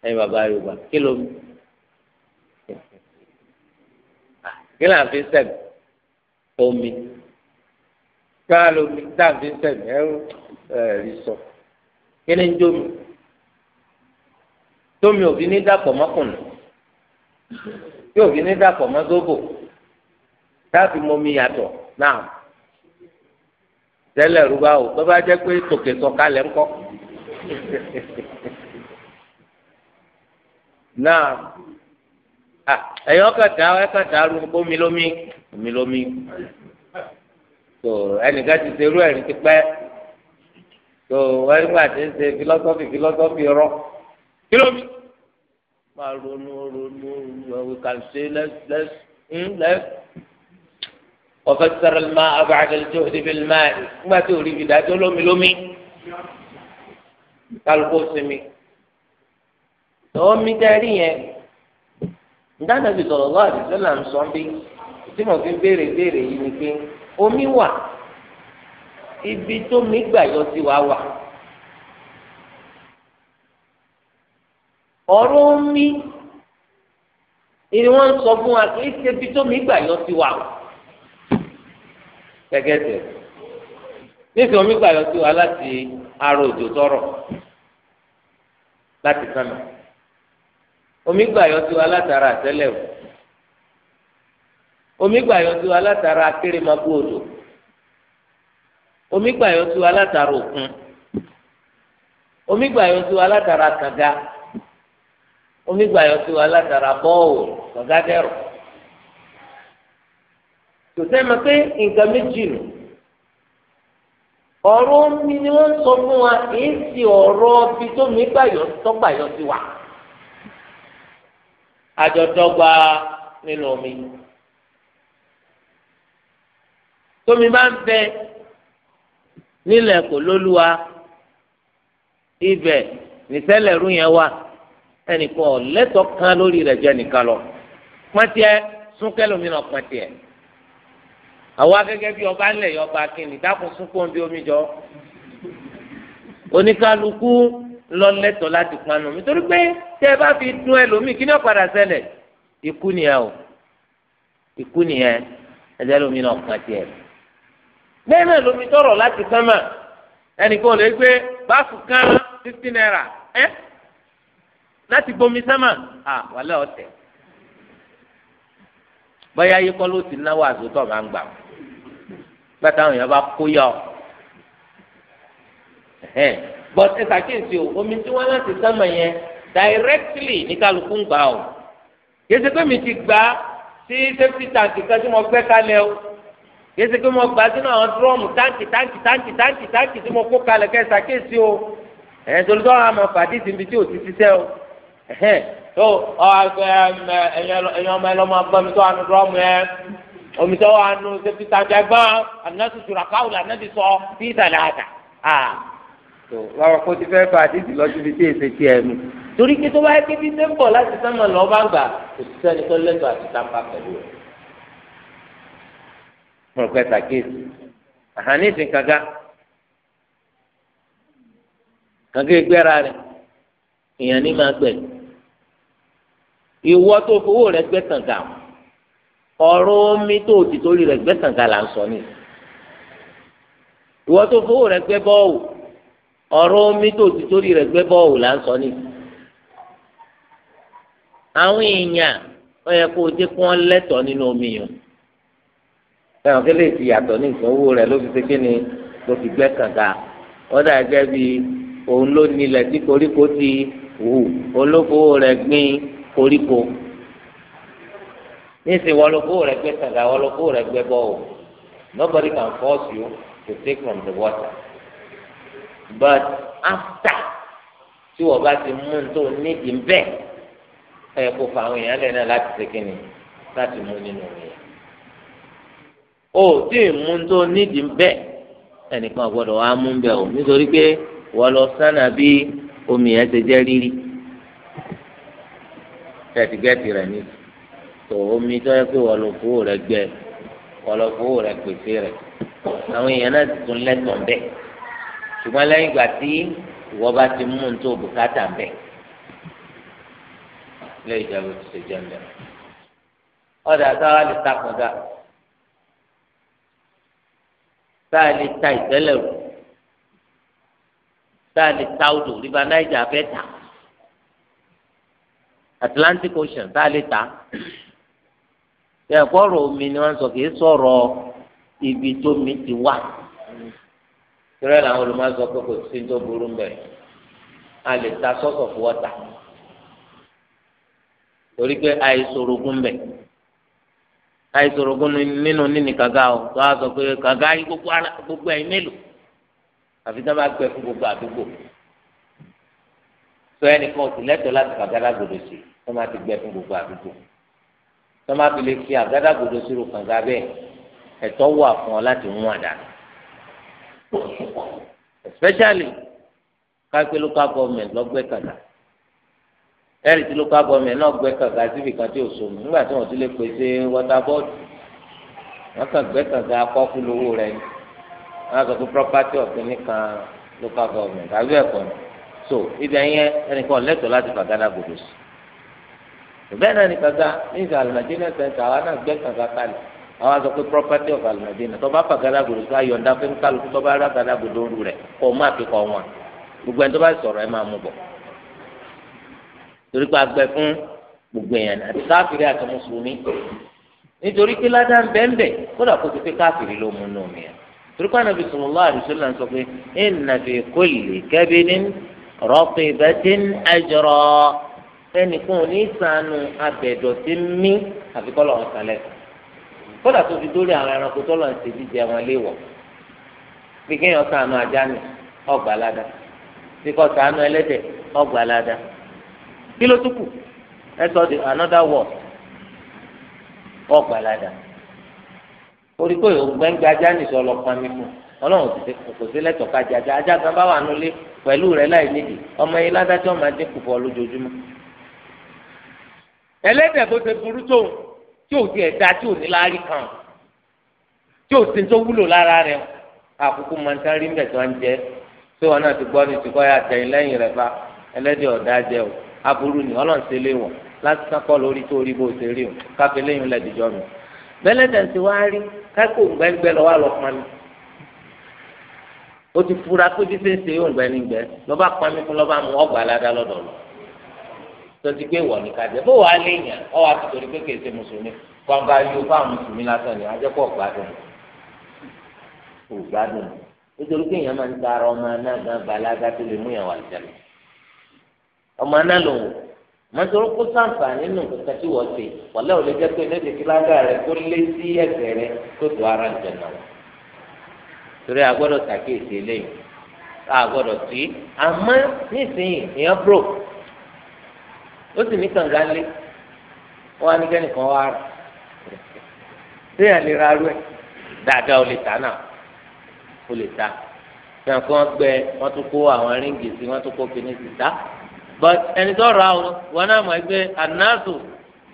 ẹ̀yin bàbá yorùbá kí ló fi omi ká lomi ń fi sẹ́gun ẹ̀rù ẹ̀rí sọ ni ń dómi yóò fi ní dàpọ̀ mọ́ zobo táàbì mọ́mí yàtọ̀ náà tẹ́lẹ̀ rúbá o tó bá jẹ́ pé tòkè sọ̀kalẹ̀ ńkọ́ náà ẹ̀yọ́ kàtà ẹ̀ omi lómi omi lómi tó ẹnìkan ti ti pẹ́ máa ronú ronú we can say let's let's hmm let's ọ̀fẹ́ sẹ́rẹ̀ máa abàgẹ́lẹ́ tó ti fi máa nígbà tí òrì fi dájọ́ lómi lómi kálukó sinmi lọ́wọ́ mi dárí yẹn ìdáná ti sọ̀rọ̀ lọ́wọ́ àdìsẹ́ là ń sọ bí tí mo fi béèrè béèrè yìí ni pé omi wà ibi tó mi gbà yọ sí wa wà. Ọrụ omi ni wọ́n ń sọ fún wa kìí ṣe ibi tó mi gbà yọ sí wa omi gbà yọ sí wa láti arọ òjò tọrọ láti sánà omi gbà yọ sí wa látara àtẹlẹ o omi gbà yọ sí wa látara akérèmabú odò omi gbà yọ sí wa látara òkun omi gbà yọ sí wa látara kànga. onígbàyọ sí wa látara bọ́ọ̀wù lọ́gádẹ́rù kò sẹ́mi pé nǹkan méjì nù ọ̀rọ̀ omi ni wọ́n sọ fún wa èyí sì ọ̀rọ̀ ibi tó mi gbàyọ̀ tọ́gbàyọ̀ sí wa àjọdọ́gba nínú omi tómi bá ń bẹ nílẹ̀ kò lólúwa ibẹ̀ nìsẹ́lẹ̀ yẹn wà ẹnìkan ọ̀lẹ́tọ̀ kan lórí rẹ̀ jẹ́ nìkan lọ pọ́ntiẹ́ súnkẹ́lómìnà pọ́ntiẹ́ àwọn akẹ́kẹ́ bíi ọba ńlẹ̀ yọ ọba kínní dákun súnkún bí omi jọ oníkálukú lọ́lẹ́tọ̀ láti panu mi torí pé tẹ́ ẹ bá fi dún ẹlòmíì kí ni ó padà ṣẹlẹ̀ ikú nìyẹn o ikú nìyẹn ẹ̀jẹ̀ lómi náà kàn náà lómi tọrọ láti sánmà ẹnìkan lè gbé báàfù kan fifty naira ẹ́. Eh? láti gbomi sẹ́mà à wàlẹ́ ọ̀tẹ̀ bọ́yá yìí kọ́ ló ti náwó àzótọ́ máa ń gbà wọ́n gbàtà àwọn èèyàn bá kó yọ but ẹ ṣàkíyèsí o omi tí wọ́n láti sẹ́mà yẹn directly ní kálukú ń gbà o kìí ṣe pé mi ti gbà sí safety tank kan tí mo gbẹ́ kalẹ̀ o kìí ṣe pé mo gbà sínú àwọn dúrọ́ọ̀mù táǹkì táǹkì táǹkì táǹkì táǹkì tí mo kó kalẹ̀ kẹ́ ṣàkíyèsí o ẹ̀ẹ́dọ́lọ́dọ́ àwọn àmọ̀ fàdí ti tí ò ti ṣiṣẹ́ o tó ẹ̀yin ọmọ ẹ lọ́mọ agbọ́n mi tó wà nù dọ́ọ̀mù ẹ omi tó wà nù sẹ́fì tàjà gbọ́n ànásù sùràkàwù lànàbì sọ bí ìsàlẹ̀ àtà. tó wàá kó ti fẹ́ fà àdìsí lọ́sibí tí èsè tiẹ̀ mi. torí pé tó bá yẹ kí bí sẹ́ńpọ̀ láti sánmọ̀ lọ́ọ́ bá gbà kò sí sẹ́ni tó lẹ́tọ̀ọ́ àti sáńpà pẹ̀lú rẹ̀. mo rò pé sàkíyèsí àhání ìsìn kankan kankan gbẹ́ra rẹ̀ èèyàn máa gbẹ̀rẹ̀ ìwọ tó fowó rẹ gbẹ́ kànga ọ̀rọ̀ omi tó ti torí rẹ gbẹ́ kànga là ń sọ ni ìwọ tó fowó rẹ gbẹ́ bọ́ọ̀wù ọ̀rọ̀ omi tó ti torí rẹ gbẹ́ bọ́ọ̀wù là ń sọ ni àwọn èèyàn ó yẹ kó o dé kó wọn lẹ́tọ̀ọ́ nínú omi yẹn ẹ̀wọ̀n kí lè ti yàtọ̀ ní ìsanwó rẹ̀ ló fi ṣe kí ni ló fi gbẹ́ kànga wọ́n dà gẹ́gẹ́ bí òun ló nílẹ̀ tí koríko ti hù olófowó rẹ̀ gbìn koríko nísìnyí wọlọ́kó rẹ gbé sàgà wọlọ́kó rẹ gbé bọ́ o nobody can force you to take from the water but after tí wọ́n bá ti mú un tó nídìí bẹ́ẹ̀ ẹ̀ kó fa àwọn èèyàn lẹ́nu láti ṣe kínní láti mú nínú rẹ̀ o tí mú un tó nídìí bẹ́ẹ̀ ẹnìkan gbọ́dọ̀ wá mú un bẹ́ẹ̀ o nítorí pé wọ́n lọ sánà bí omi yẹn ti jẹ́ rírì tẹ̀sí gẹ́ẹ̀tì rẹ̀ ní tó omi tó yẹ pé wọ́n lọ fowó rẹ̀ gbẹ wọ́n lọ fowó rẹ̀ pèsè rẹ̀ àwọn èèyàn náà ti tún lẹ́tọ̀ọ́ bẹ́ẹ̀ ṣùgbọ́n lẹ́yìn ìgbà tí ìwọ bá ti mú un tó bùkátà bẹ́ẹ̀ lẹ́yìn ìjà ló ti ṣe jẹ́ mbẹ́ ọ̀dà táwa lè takùnga táà lè ta ìtẹ́lẹ̀ rù táà lè ta odò rí ba náírà fẹ́ tà á. Atlantic Ocean tá a lè ta ẹ̀kọ́ ọ̀rọ̀ omi ni wọ́n sọ kì í sọ̀rọ̀ ibi tó mi ti wà tẹ́lẹ̀ làwọn olùmọ̀ sọ pé kò sí tó burú mbẹ̀ a lè ta source of water torí pé àìsorogún mbẹ̀ àìsorogún nínú níní kàga o tó a sọ pé kàga yìí gbogbo ẹ̀yìn mélòó àfi tí wọ́n bá gbẹ fún gbogbo àdúgbò sọ ẹnìkan ò sì lẹ́tọ̀ọ́ láti kàga lágbòdo sí i wọ́n máa ti gbẹ fún gbogbo àdúgbò wọ́n máa fi lè fi àgádágodo sírò kànga bẹ́ẹ̀ ẹ̀tọ́ wà fún ọ láti mú àdá especially kápẹ́ local government lọ́gbẹ́ kànga ẹ̀rì tí local government náà gbẹ́ kànga síbi kan tí ò so mu nígbà tí wọ́n ti lè pèsè water board wọ́n kàn gbẹ́ kànga akọ́kú lówó rẹ̀ ni wọ́n á sọ pé property ọ̀sìn nìkan local government àbí ẹ̀kọ́ ni so ibẹ̀ yẹn ẹnìkan lẹ́tọ̀ọ́ láti fàgádà gbòdò sí i. bẹ́ẹ̀ náà ní kàkà ní ìsà sẹ́ńtà àwa náà gbẹ́ kàkà property of Al-Madina tọ́ba pàgàdàgòdò sọ ayọ̀ǹda fún kálukú tọ́ba rẹ̀ kọ́ fi kọ́ wọn gbogbo ẹni tó bá sọ̀rọ̀ ẹ máa mú bọ̀ torí pé agbẹ fún gbogbo èèyàn àti káfíìrì àti mùsùlùmí nítorí pé ládà ń bẹ́ńbẹ́ kódà kó ti káfíìrì ẹnìkan ò ní sànù abẹ̀dọ̀tí mí àfi kọ́ lọ́wọ́ sálẹ̀ kódà tó fi dórí àwọn ẹranko tó lọ́n léwọ̀ bí kéèyàn sànù ẹ sọ di another word ọgbà orí kò yóò gbẹ́ngbẹ́ ajá sọ fún ọlọ́run kò sí lẹ́tọ̀ọ́ ká ọmọ yìí máa ẹlẹ́dẹ̀ bó ṣe burú tó tí ò tiẹ̀ da tí ò ní láárí kan tí ò ti tó wúlò lára rẹ̀ àkókò mọ̀ntárì ń bẹ̀ tó ń jẹ́ tí wọn náà ti gbọ́ ní tìkọ́ ya tẹ̀yìn lẹ́yìn rẹ̀ bá ẹlẹ́dẹ̀ ọ̀dá jẹ́ o aburú ni ọlọ́ọ̀nsẹ̀ lé wọ̀ láti sákọ́ lórí tó rí bó ṣe rí o káfíń lẹ́yìn lẹ́dìjọ́ mi bẹ́lẹ́dẹ̀ ti wá rí kákò gbẹ́ngbẹ́ lọ́wọ́ àlọ́pàá ó ti fura pé bí ṣe ń ṣe òǹgbẹ́ni gbẹ́ lọ́ba tọ́tí pé wọ̀ ní kájẹ́ bó wàá léèyàn ọ wàá ti torí pé kèé ṣe mùsùlùmí kọ̀ǹga yóò fáwọn mùsùlùmí lásán ni ajẹ́pọ̀ gbádùn kò gbádùn nítorí pé èèyàn máa ń tara ọmọ náà gan balaga tó lè mú yàn wà lẹ́nu ọmọ náà lò wò mọtòrò kó sáǹfà nínú nǹkan tí wọ́n ṣe wàlẹ́ òun lè jẹ́ pé lẹ́sẹ̀ kíláàgà rẹ tó lé sí ẹ̀sẹ̀ rẹ tó tó ara ń jẹun náà torí a gbọ́dọ̀ eléyìí a gbọ́dọ̀ tí àmọ́ nísìnyí ìyẹn broke ó sì ní kànga lé wọn á ní kẹ́nìkan wá rà téèyàn lè ra arú ẹ̀ dáadáa ó lè tà náà ó lè tà fẹ́ràn kí wọ́n gbẹ wọ́n tún kó àwọn ríǹgì sí wọ́n tún kó kíní sí tá but ẹni tó ra o wọn náà mọ̀ ẹgbẹ́ anáàtò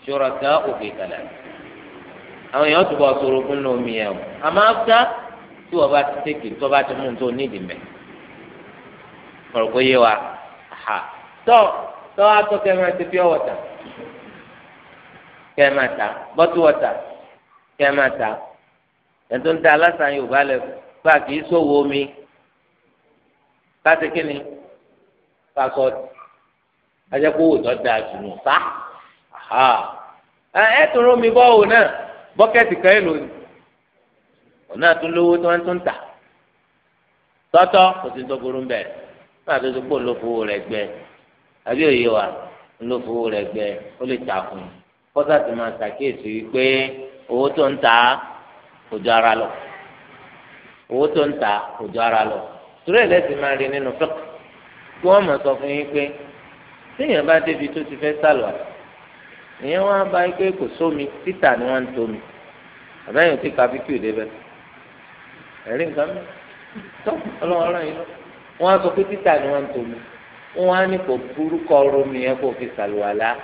ṣòro ká òkè kàlẹ́ àwọn èèyàn túbọ̀ sọ̀rọ̀ fún omi ẹ̀ o àmọ́ áfíà tí wọ́n bá ti tẹ̀kì tó bá ti mú un tó nídìí mẹ́ ọ̀rọ̀ kó yé wa tọ́ tọ́wọ́ atọ́kẹ́ máa ti pure water kẹ́ ẹ máa ta bottle water kẹ́ ẹ máa ta ẹ̀tọ́ ń ta aláṣàn yorùbá lẹ̀ bá kì í sòwò omi káṣí kínni kásọ̀ ajẹ́kọ̀wò tó da àtùnú sá ẹ̀ tún rómi bọ́ọ̀wò náà bọ́kẹ́tì kan èlò ni òun náà tún lówó tí wọ́n tún tà tọ́tọ́ kò sí ní tó burú bẹ́ẹ̀ náà tó ti pò lóko rẹ̀ gbẹ́ẹ́ àbí òye wa ló fowó rẹ̀ gbẹ ó lè tà fún un kọ́sà ti máa ṣàkíyèsí wípé owó tó ń ta kò jọ ara lọ owó tó ń ta kò jọ ara lọ torí ẹlẹ́sìn máa rí nínú fẹ́k kí wọ́n mọ̀ sọ fún yín pé téèyàn bá débi tó ti fẹ́ sàlọ̀ ìyẹn wọn bá yín pé kò sómi títà ni wọ́n ń tomi àbẹ́yìn tí kábíkì ò débẹ̀ ẹ̀rí nǹkan mi tọ́ ọlọ́run yìí lọ wọ́n sọ pé títà ni wọ́n ń tomi wọn á ní kò burúkọ romi yẹn kò fi sàlùwàlá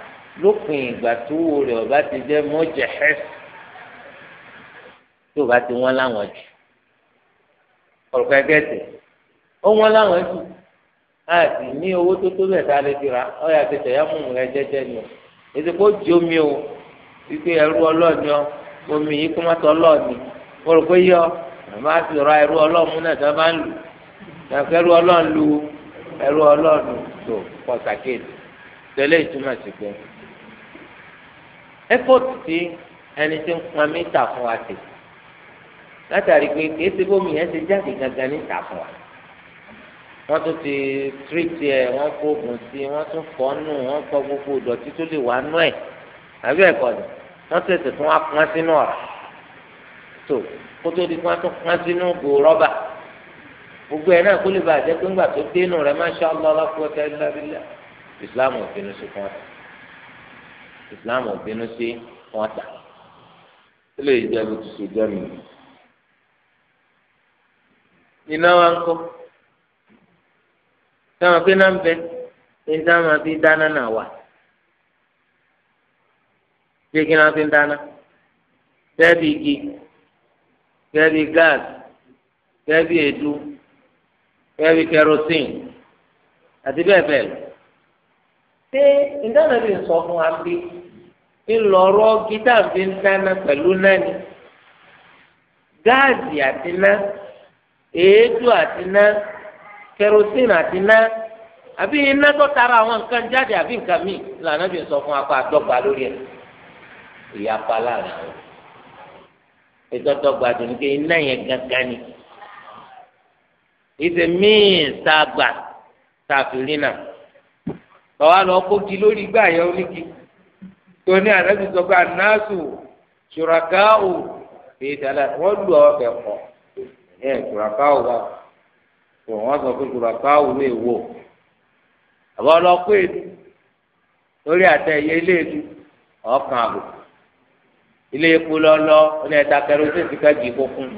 lópin ìgbà tó wò rẹ ọba ti jẹ mọjẹhẹs tí ọba ti wọn láwọn jù ọ̀rọ̀ kẹgẹtì ó wọn láwọn jù a sì ní owó tó tó bẹ́ẹ̀ tá a lè fi ra ọyà tètè yá mú rẹ jẹjẹ ni o ètò kó di omi o wípé ẹrú ọlọ́ọ̀ni ọ omi yìí kó má tọ́ ọlọ́ọ̀ni mo rò pé yọ màmá sì rọ ẹrú ọlọ́ọ̀mú náà tó bá ń lù ẹrú ọlọ́ọ̀n lu ẹrú ọlọ́run tó pọ̀sàkéèdì tẹ́lẹ̀ ìtumọ̀ sí pé ẹ́fọ́tì tí ẹni tí ń pọn mítà fún wa ti látàrí pé kìí ṣe bómi yẹn ti jáde gangan níta fún wa wọ́n tún ti tírìtì ẹ̀ wọ́n kó oògùn sí i wọ́n tún fọ́ nù wọ́n kọ́ gbogbo ìdọ̀tí tó lè wà nú ẹ̀ àbí ẹ̀kọ́ ni wọ́n tẹ̀sẹ̀ fún wa pọ́n sínú ọ̀rá tó kótó di fún wa tún pọ́n sínú gbòó rọ́bà gbogbo ẹ̀ náà kó lè bàjẹ́ pé ńgbà tó dénú rẹ̀ masha Allah la quwwata illa billah islam ò bínú sí fún ọ̀tà islam ò bínú sí fún ọ̀tà ó lè jẹ́ bó ti ṣe jẹ́ mi. iná wa ń kọ́ táwọn pé náà ń bẹ ní táwọn fi dáná náà wà bí kí náà fi ń dáná bẹ́ẹ̀ bí igi bẹ́ẹ̀ bí gáàsì bẹ́ẹ̀ bí èédú. kẹ́rì kẹrosín àti bẹ́ẹ̀ bẹ́ẹ̀ lọ. ṣé ìdáná lè sọ fún wa pé ńlọrọ gítà fi ń dáná pẹ̀lú náà ni gáàsì àti ná èédú àti ná àti ná àbí iná tó tara àwọn nǹkan jáde àbí nǹkan míì lànà bí sọ fún wa pa lórí ẹ̀ láàrin àwọn ní pé iná yẹn ìṣe míì tá a gbà tá a fi rí náà bàbá lọ kógi lórí igbá yẹn onígi tó ní ànábì sọ pé ànáàsù ṣùràkáwò ìdàlà wọn lù ọ bẹ kọ ẹ ṣùràkáwò wa tó wọn sọ pé ṣùràkáwò lè wò àbá lọ kó èdè lórí àtẹ ìyẹ ilé èdè ọkàn àbò ilé epo lọ lọ ó ní ẹta kẹrọsí ti ká jì kó kún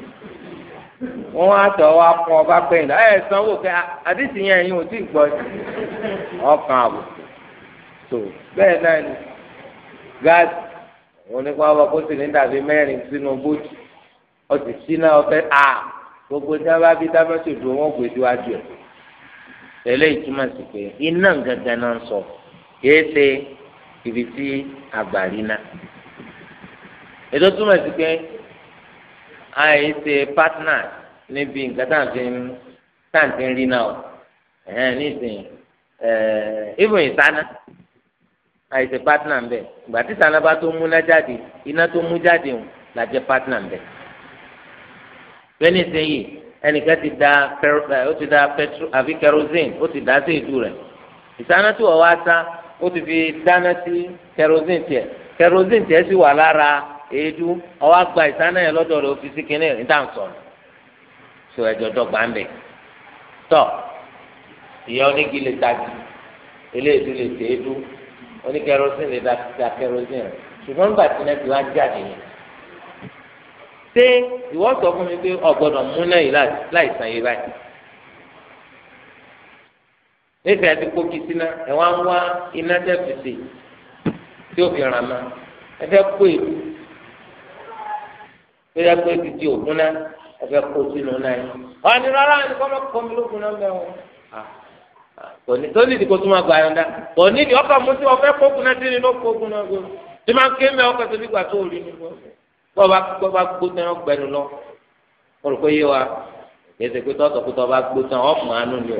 wọn á tọ wá pọn ọba pẹyìn ẹ sanwó kẹ àdìsí yẹn ẹ̀yin ò tí ì gbọ́ ọkàn àbò tó bẹ́ẹ̀ náà ni gáàsì òun ní kó kó sìlíńdà bíi mẹ́rin sínú bóòtù ọtí síná ọfẹ à gbogbo dábàá bíi dábàá tó dùn wọn gbèdú adìẹ tẹ́lẹ̀ ìtumọ̀ sí pé iná gangan náà ń sọ kìí ṣe ibi tí àgbàrí náà ètò túmọ̀ sí pé àìsè partners níbi nǹkan táǹtì ń rí náà ẹ̀hẹ́n nísìnyí even ìsáná àìsè pátínà ńbẹ ìgbà tí ìsáná bá tó múná jáde iná tó mú jáde ń làjẹ pátínà ńbẹ. bẹ́ẹ̀ni sẹ́yìn ẹnìkan ti da ó ti da petro àbí kerosene ó ti dá sí ìdú rẹ̀ ìsáná tí wọ́n wá sá ó ti fi dáná sí kerosene tiẹ̀ kerosene tiẹ̀ sì wà lára èédú ó wá gba ìsáná yẹn lọ́dọ̀ rẹ̀ ó fi sí kinní ìdáǹsọ̀rọ̀ tó ẹjọ́ dọ́gba ń bẹ tọ ìyá onígi lè tagi eléyìí lè tẹ é dú oníkẹrọsìn lè da kẹrọsìn rẹ ṣùgbọ́n nígbà tí nẹ́ẹ̀tì wá jáde yẹn ṣé ìwọ sọ fún mi pé ọ̀gbọ́dọ̀ mú náà yìí láì san yìí báyìí nífẹ̀ẹ́ ti kó kí síná ẹ̀ wá ń wá iná tẹ́ fi sè tí ó fi ràn má ẹ fẹ́ kó èlú tó yẹ pé ti di ẹfẹ kó sínú náà yìí wọn ni rárá ni kọ́mọ kọ́mi lóògùn náà bẹ̀ wọn. Ah. kò ní tó nídìí kó tún máa gba àyọ̀ǹda kò nídìí ọkọ̀ mú sí ọfẹ́ kókun náà sí ni ló kókun náà gbé tí máa ń ké mẹ́ ọkọ̀ tó bí gbà tó rí ni bọ́ọ̀bá bọ́ọ̀bá gbó tán ọgbẹ́nu lọ mo rò pé yé wa kèsì pé tọ́tọ̀ pé tọ́ba gbó tán ọ̀pọ̀ àánú ni o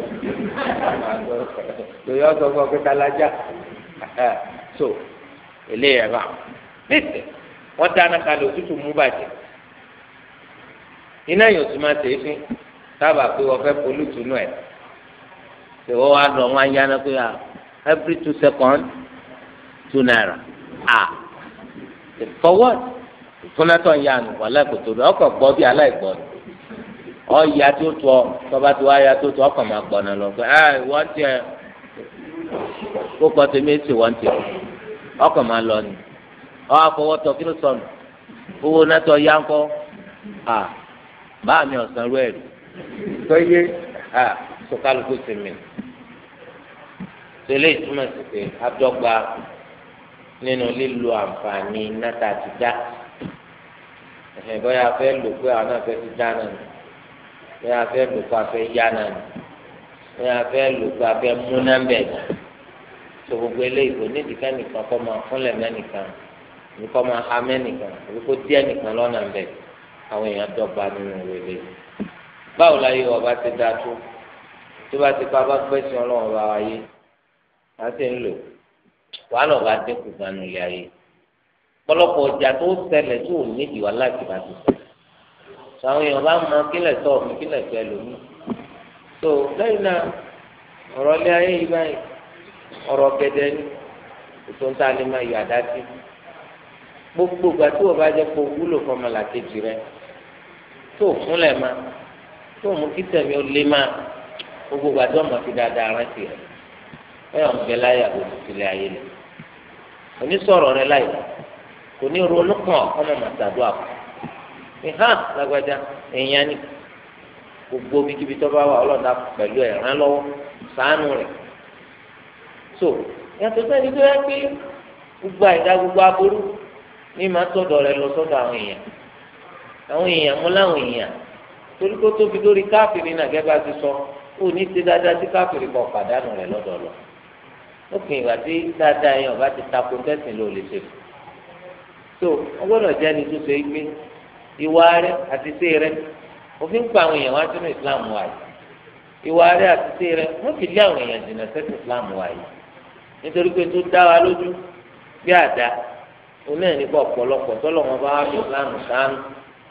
lórí ọ̀sọ̀ fún ọ̀pẹ́ talájà so eléyàrá nísìnyí wọ́n dáná kalẹ̀ òtútù mú bàjẹ́ iná yóò tún máa tẹ̀ fín sábà pé wọ́n fẹ́ polútù nù ẹ̀ ṣé wọ́n wá lọ wọn yá náà pé à ah, every two seconds two naira ah forward ìfúnnátọ̀ ń yá àná wà láìkòtò rẹ̀ ọkọ̀ gbọ́ bí aláìgbọ́ ni ọ̀ya tó tọ̀ tọ́ba tó wáyà tó tọ̀ ọkọ̀ máa gbọ́nà lọ pé ẹ ah, wọ́n tiẹ̀ kókò tèmi èsì wọ́n tiẹ̀ ọkọ̀ máa lọ ni ọ̀ àfọwọ́tọ̀ kí ló sọnù owó náà tọ̀ yá ńkọ́ ah báà mi ọ̀sán rú ẹ̀rù tọ́yé sọ̀kálùkù sí mi tẹ́lẹ̀ ìtumọ̀ sí pé adọ́gba nínú lílo àǹfààní iná tá a ti dá ẹ̀hìn bóyá a fẹ́ lò pé àwọn náà fẹ́ ti dá náà ni bóyá a fẹ́ lò pé a fẹ́ yá náà ni bóyá a fẹ́ lò pé a fẹ́ mú náà bẹ̀ náà tó gbogbo eléyìí kò ní ìdíkà nìkan kọ́ máa fúnlẹ̀ mẹ́nìkan ní máa ha mẹ́nìkan àbí kó díẹ̀ lọ́nà bẹ̀rẹ̀ àwọn èèyàn dọ́gba nínú ìrèlè báwo la yẹ ọba ti dáa tó tó bá ti pa bá gbẹ̀sìn ọlọ́run bá wáyé wọ́n ti ń lò wàhálà ọba dínkù ganu ilé ayé pọ̀lọpọ̀ ọjà tó ṣẹlẹ̀ tó ò nídìí wà láti bá ti sọ sàwọn èèyàn bá mọ kílẹ̀ tọ̀ mí kílẹ̀ tẹ̀ lómi tó lẹ́yìn náà ọ̀rọ̀ ilé ayé yìí báyìí ọ̀rọ̀ gẹ̀dẹ̀ ni ètò ń ta ni máa yọ àdá sí gbogbo ìgbà tí bá jẹ́ kó wúlò fọmọlàkejì rẹ̀ tó fúnlẹ̀ ma tó mú kí tẹ̀mí ó lé ma gbogbo gbàdúrà máa fi dáadáa rántí rẹ̀ bẹ́ẹ̀ ọ̀n bẹ láyé àbòsí sílẹ̀ ayé lẹ̀ onísọ̀rọ̀ rẹ láyé kò ní ronú kàn ọmọ màtàdó àpò ìhà lágbájá ni gbogbo bíkíbi tó bá wà ọlọ́dà pẹ̀lú ẹ̀ rán so yàtọ̀ sẹ́ni tó yẹ pé gbogbo gbogbo aburú ní ma sọ̀dọ̀ rẹ lọ sọ́dọ̀ àwọn àwọn èèyàn mú láwọn èèyàn torí kó tóbi lórí káfìrí náà gẹ́gẹ́ bá ti sọ ó ní ti dáadáa tí káfìrí kan pàdánù rẹ̀ lọ́dọ̀ lọ lópin ìgbà tí dáadáa yẹn ọba ti tako tẹ́sìn ló lè ṣe so wọ́n gbọ́dọ̀ jẹ́ ni tó so yìí pé ìwà rẹ̀ àti ṣe rẹ̀ òfin pa àwọn èèyàn wá sínú Islam wa yìí ìwà rẹ̀ àti ṣe rẹ̀ wọ́n fi lé àwọn èèyàn jìnnà sẹ́sìn Islam wa yìí nítorí pé tó dá wa lójú bí àdá onáà nípa ọ̀pọ̀lọpọ̀ tọ́lọ̀ wọn bá wá fi Islam sáánù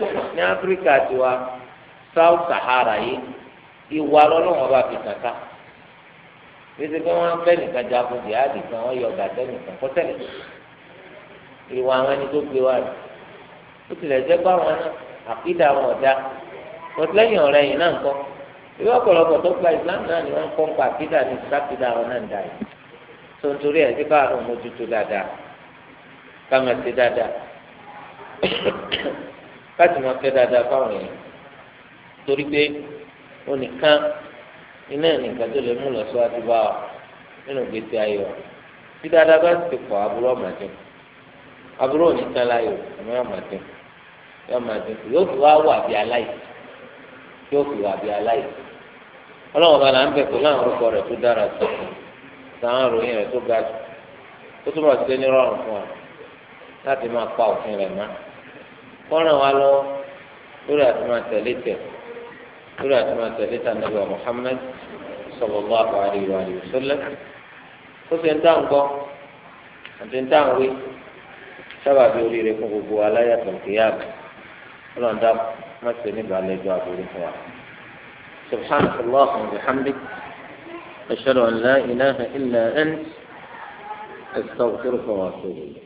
ní áfíríkà tiwa south sahara yìí ìwà lọ́lọ́wọ́n bá fi kàkà títí pé wọ́n fẹ́ nìkan jagun jihadi kan wọ́n yọ gàdẹ́ nìkan kọ́tẹ́lẹ̀ ìwà àwọn ẹni tó gbé wa rẹ̀ ó tilẹ̀ jẹ́ pé àwọn wọn ọ̀dà ọ̀rẹ́ yìí náà ń kọ́ ìwé ọ̀pọ̀lọpọ̀ tó Islam náà ni wọ́n kọ́ ń pa àkídà ní sákìdà wọn náà ń dà yìí tó ń torí ẹ̀ láti máa fẹ́ dáadáa fáwọn èèyàn torí pé onìkan iná nìkan tó lè mú lọ síwájú bá ọ nínú gbèsè tí dáadáa bá ti pọ̀ aburú ọ̀màdín aburú onìkan láyò ọmọ ọ̀màdín ọ̀màdín yóò fi wá wà bí aláìsí yóò fi wà bí aláìsí ọlọ́wọ́n bá là ń bẹ̀ orúkọ rẹ̀ tó dára sí sàn án ròyìn rẹ̀ tó ga jù ó túbọ̀ ní rọrùn fún láti máa pa òfin kọ́ràn wa lọ lórí àtúmọ̀ tẹ̀lé tẹ̀ lórí àtúmọ̀ tẹ̀lé tẹ̀ nàbẹ̀ Muhammad sallallahu alaihi wa sallam ó ṣe ń dá nǹkan àti ń dá nǹwé sábàbí oríire fún gbogbo aláyàtọ̀ kéyàmù ọlọ́ọ̀dá má ṣe nígbà lẹ́jọ́ àbúrò fún wa. سبحانك اللهم وبحمدك أشهد أن لا إله إلا أنت أستغفرك وأتوب إليك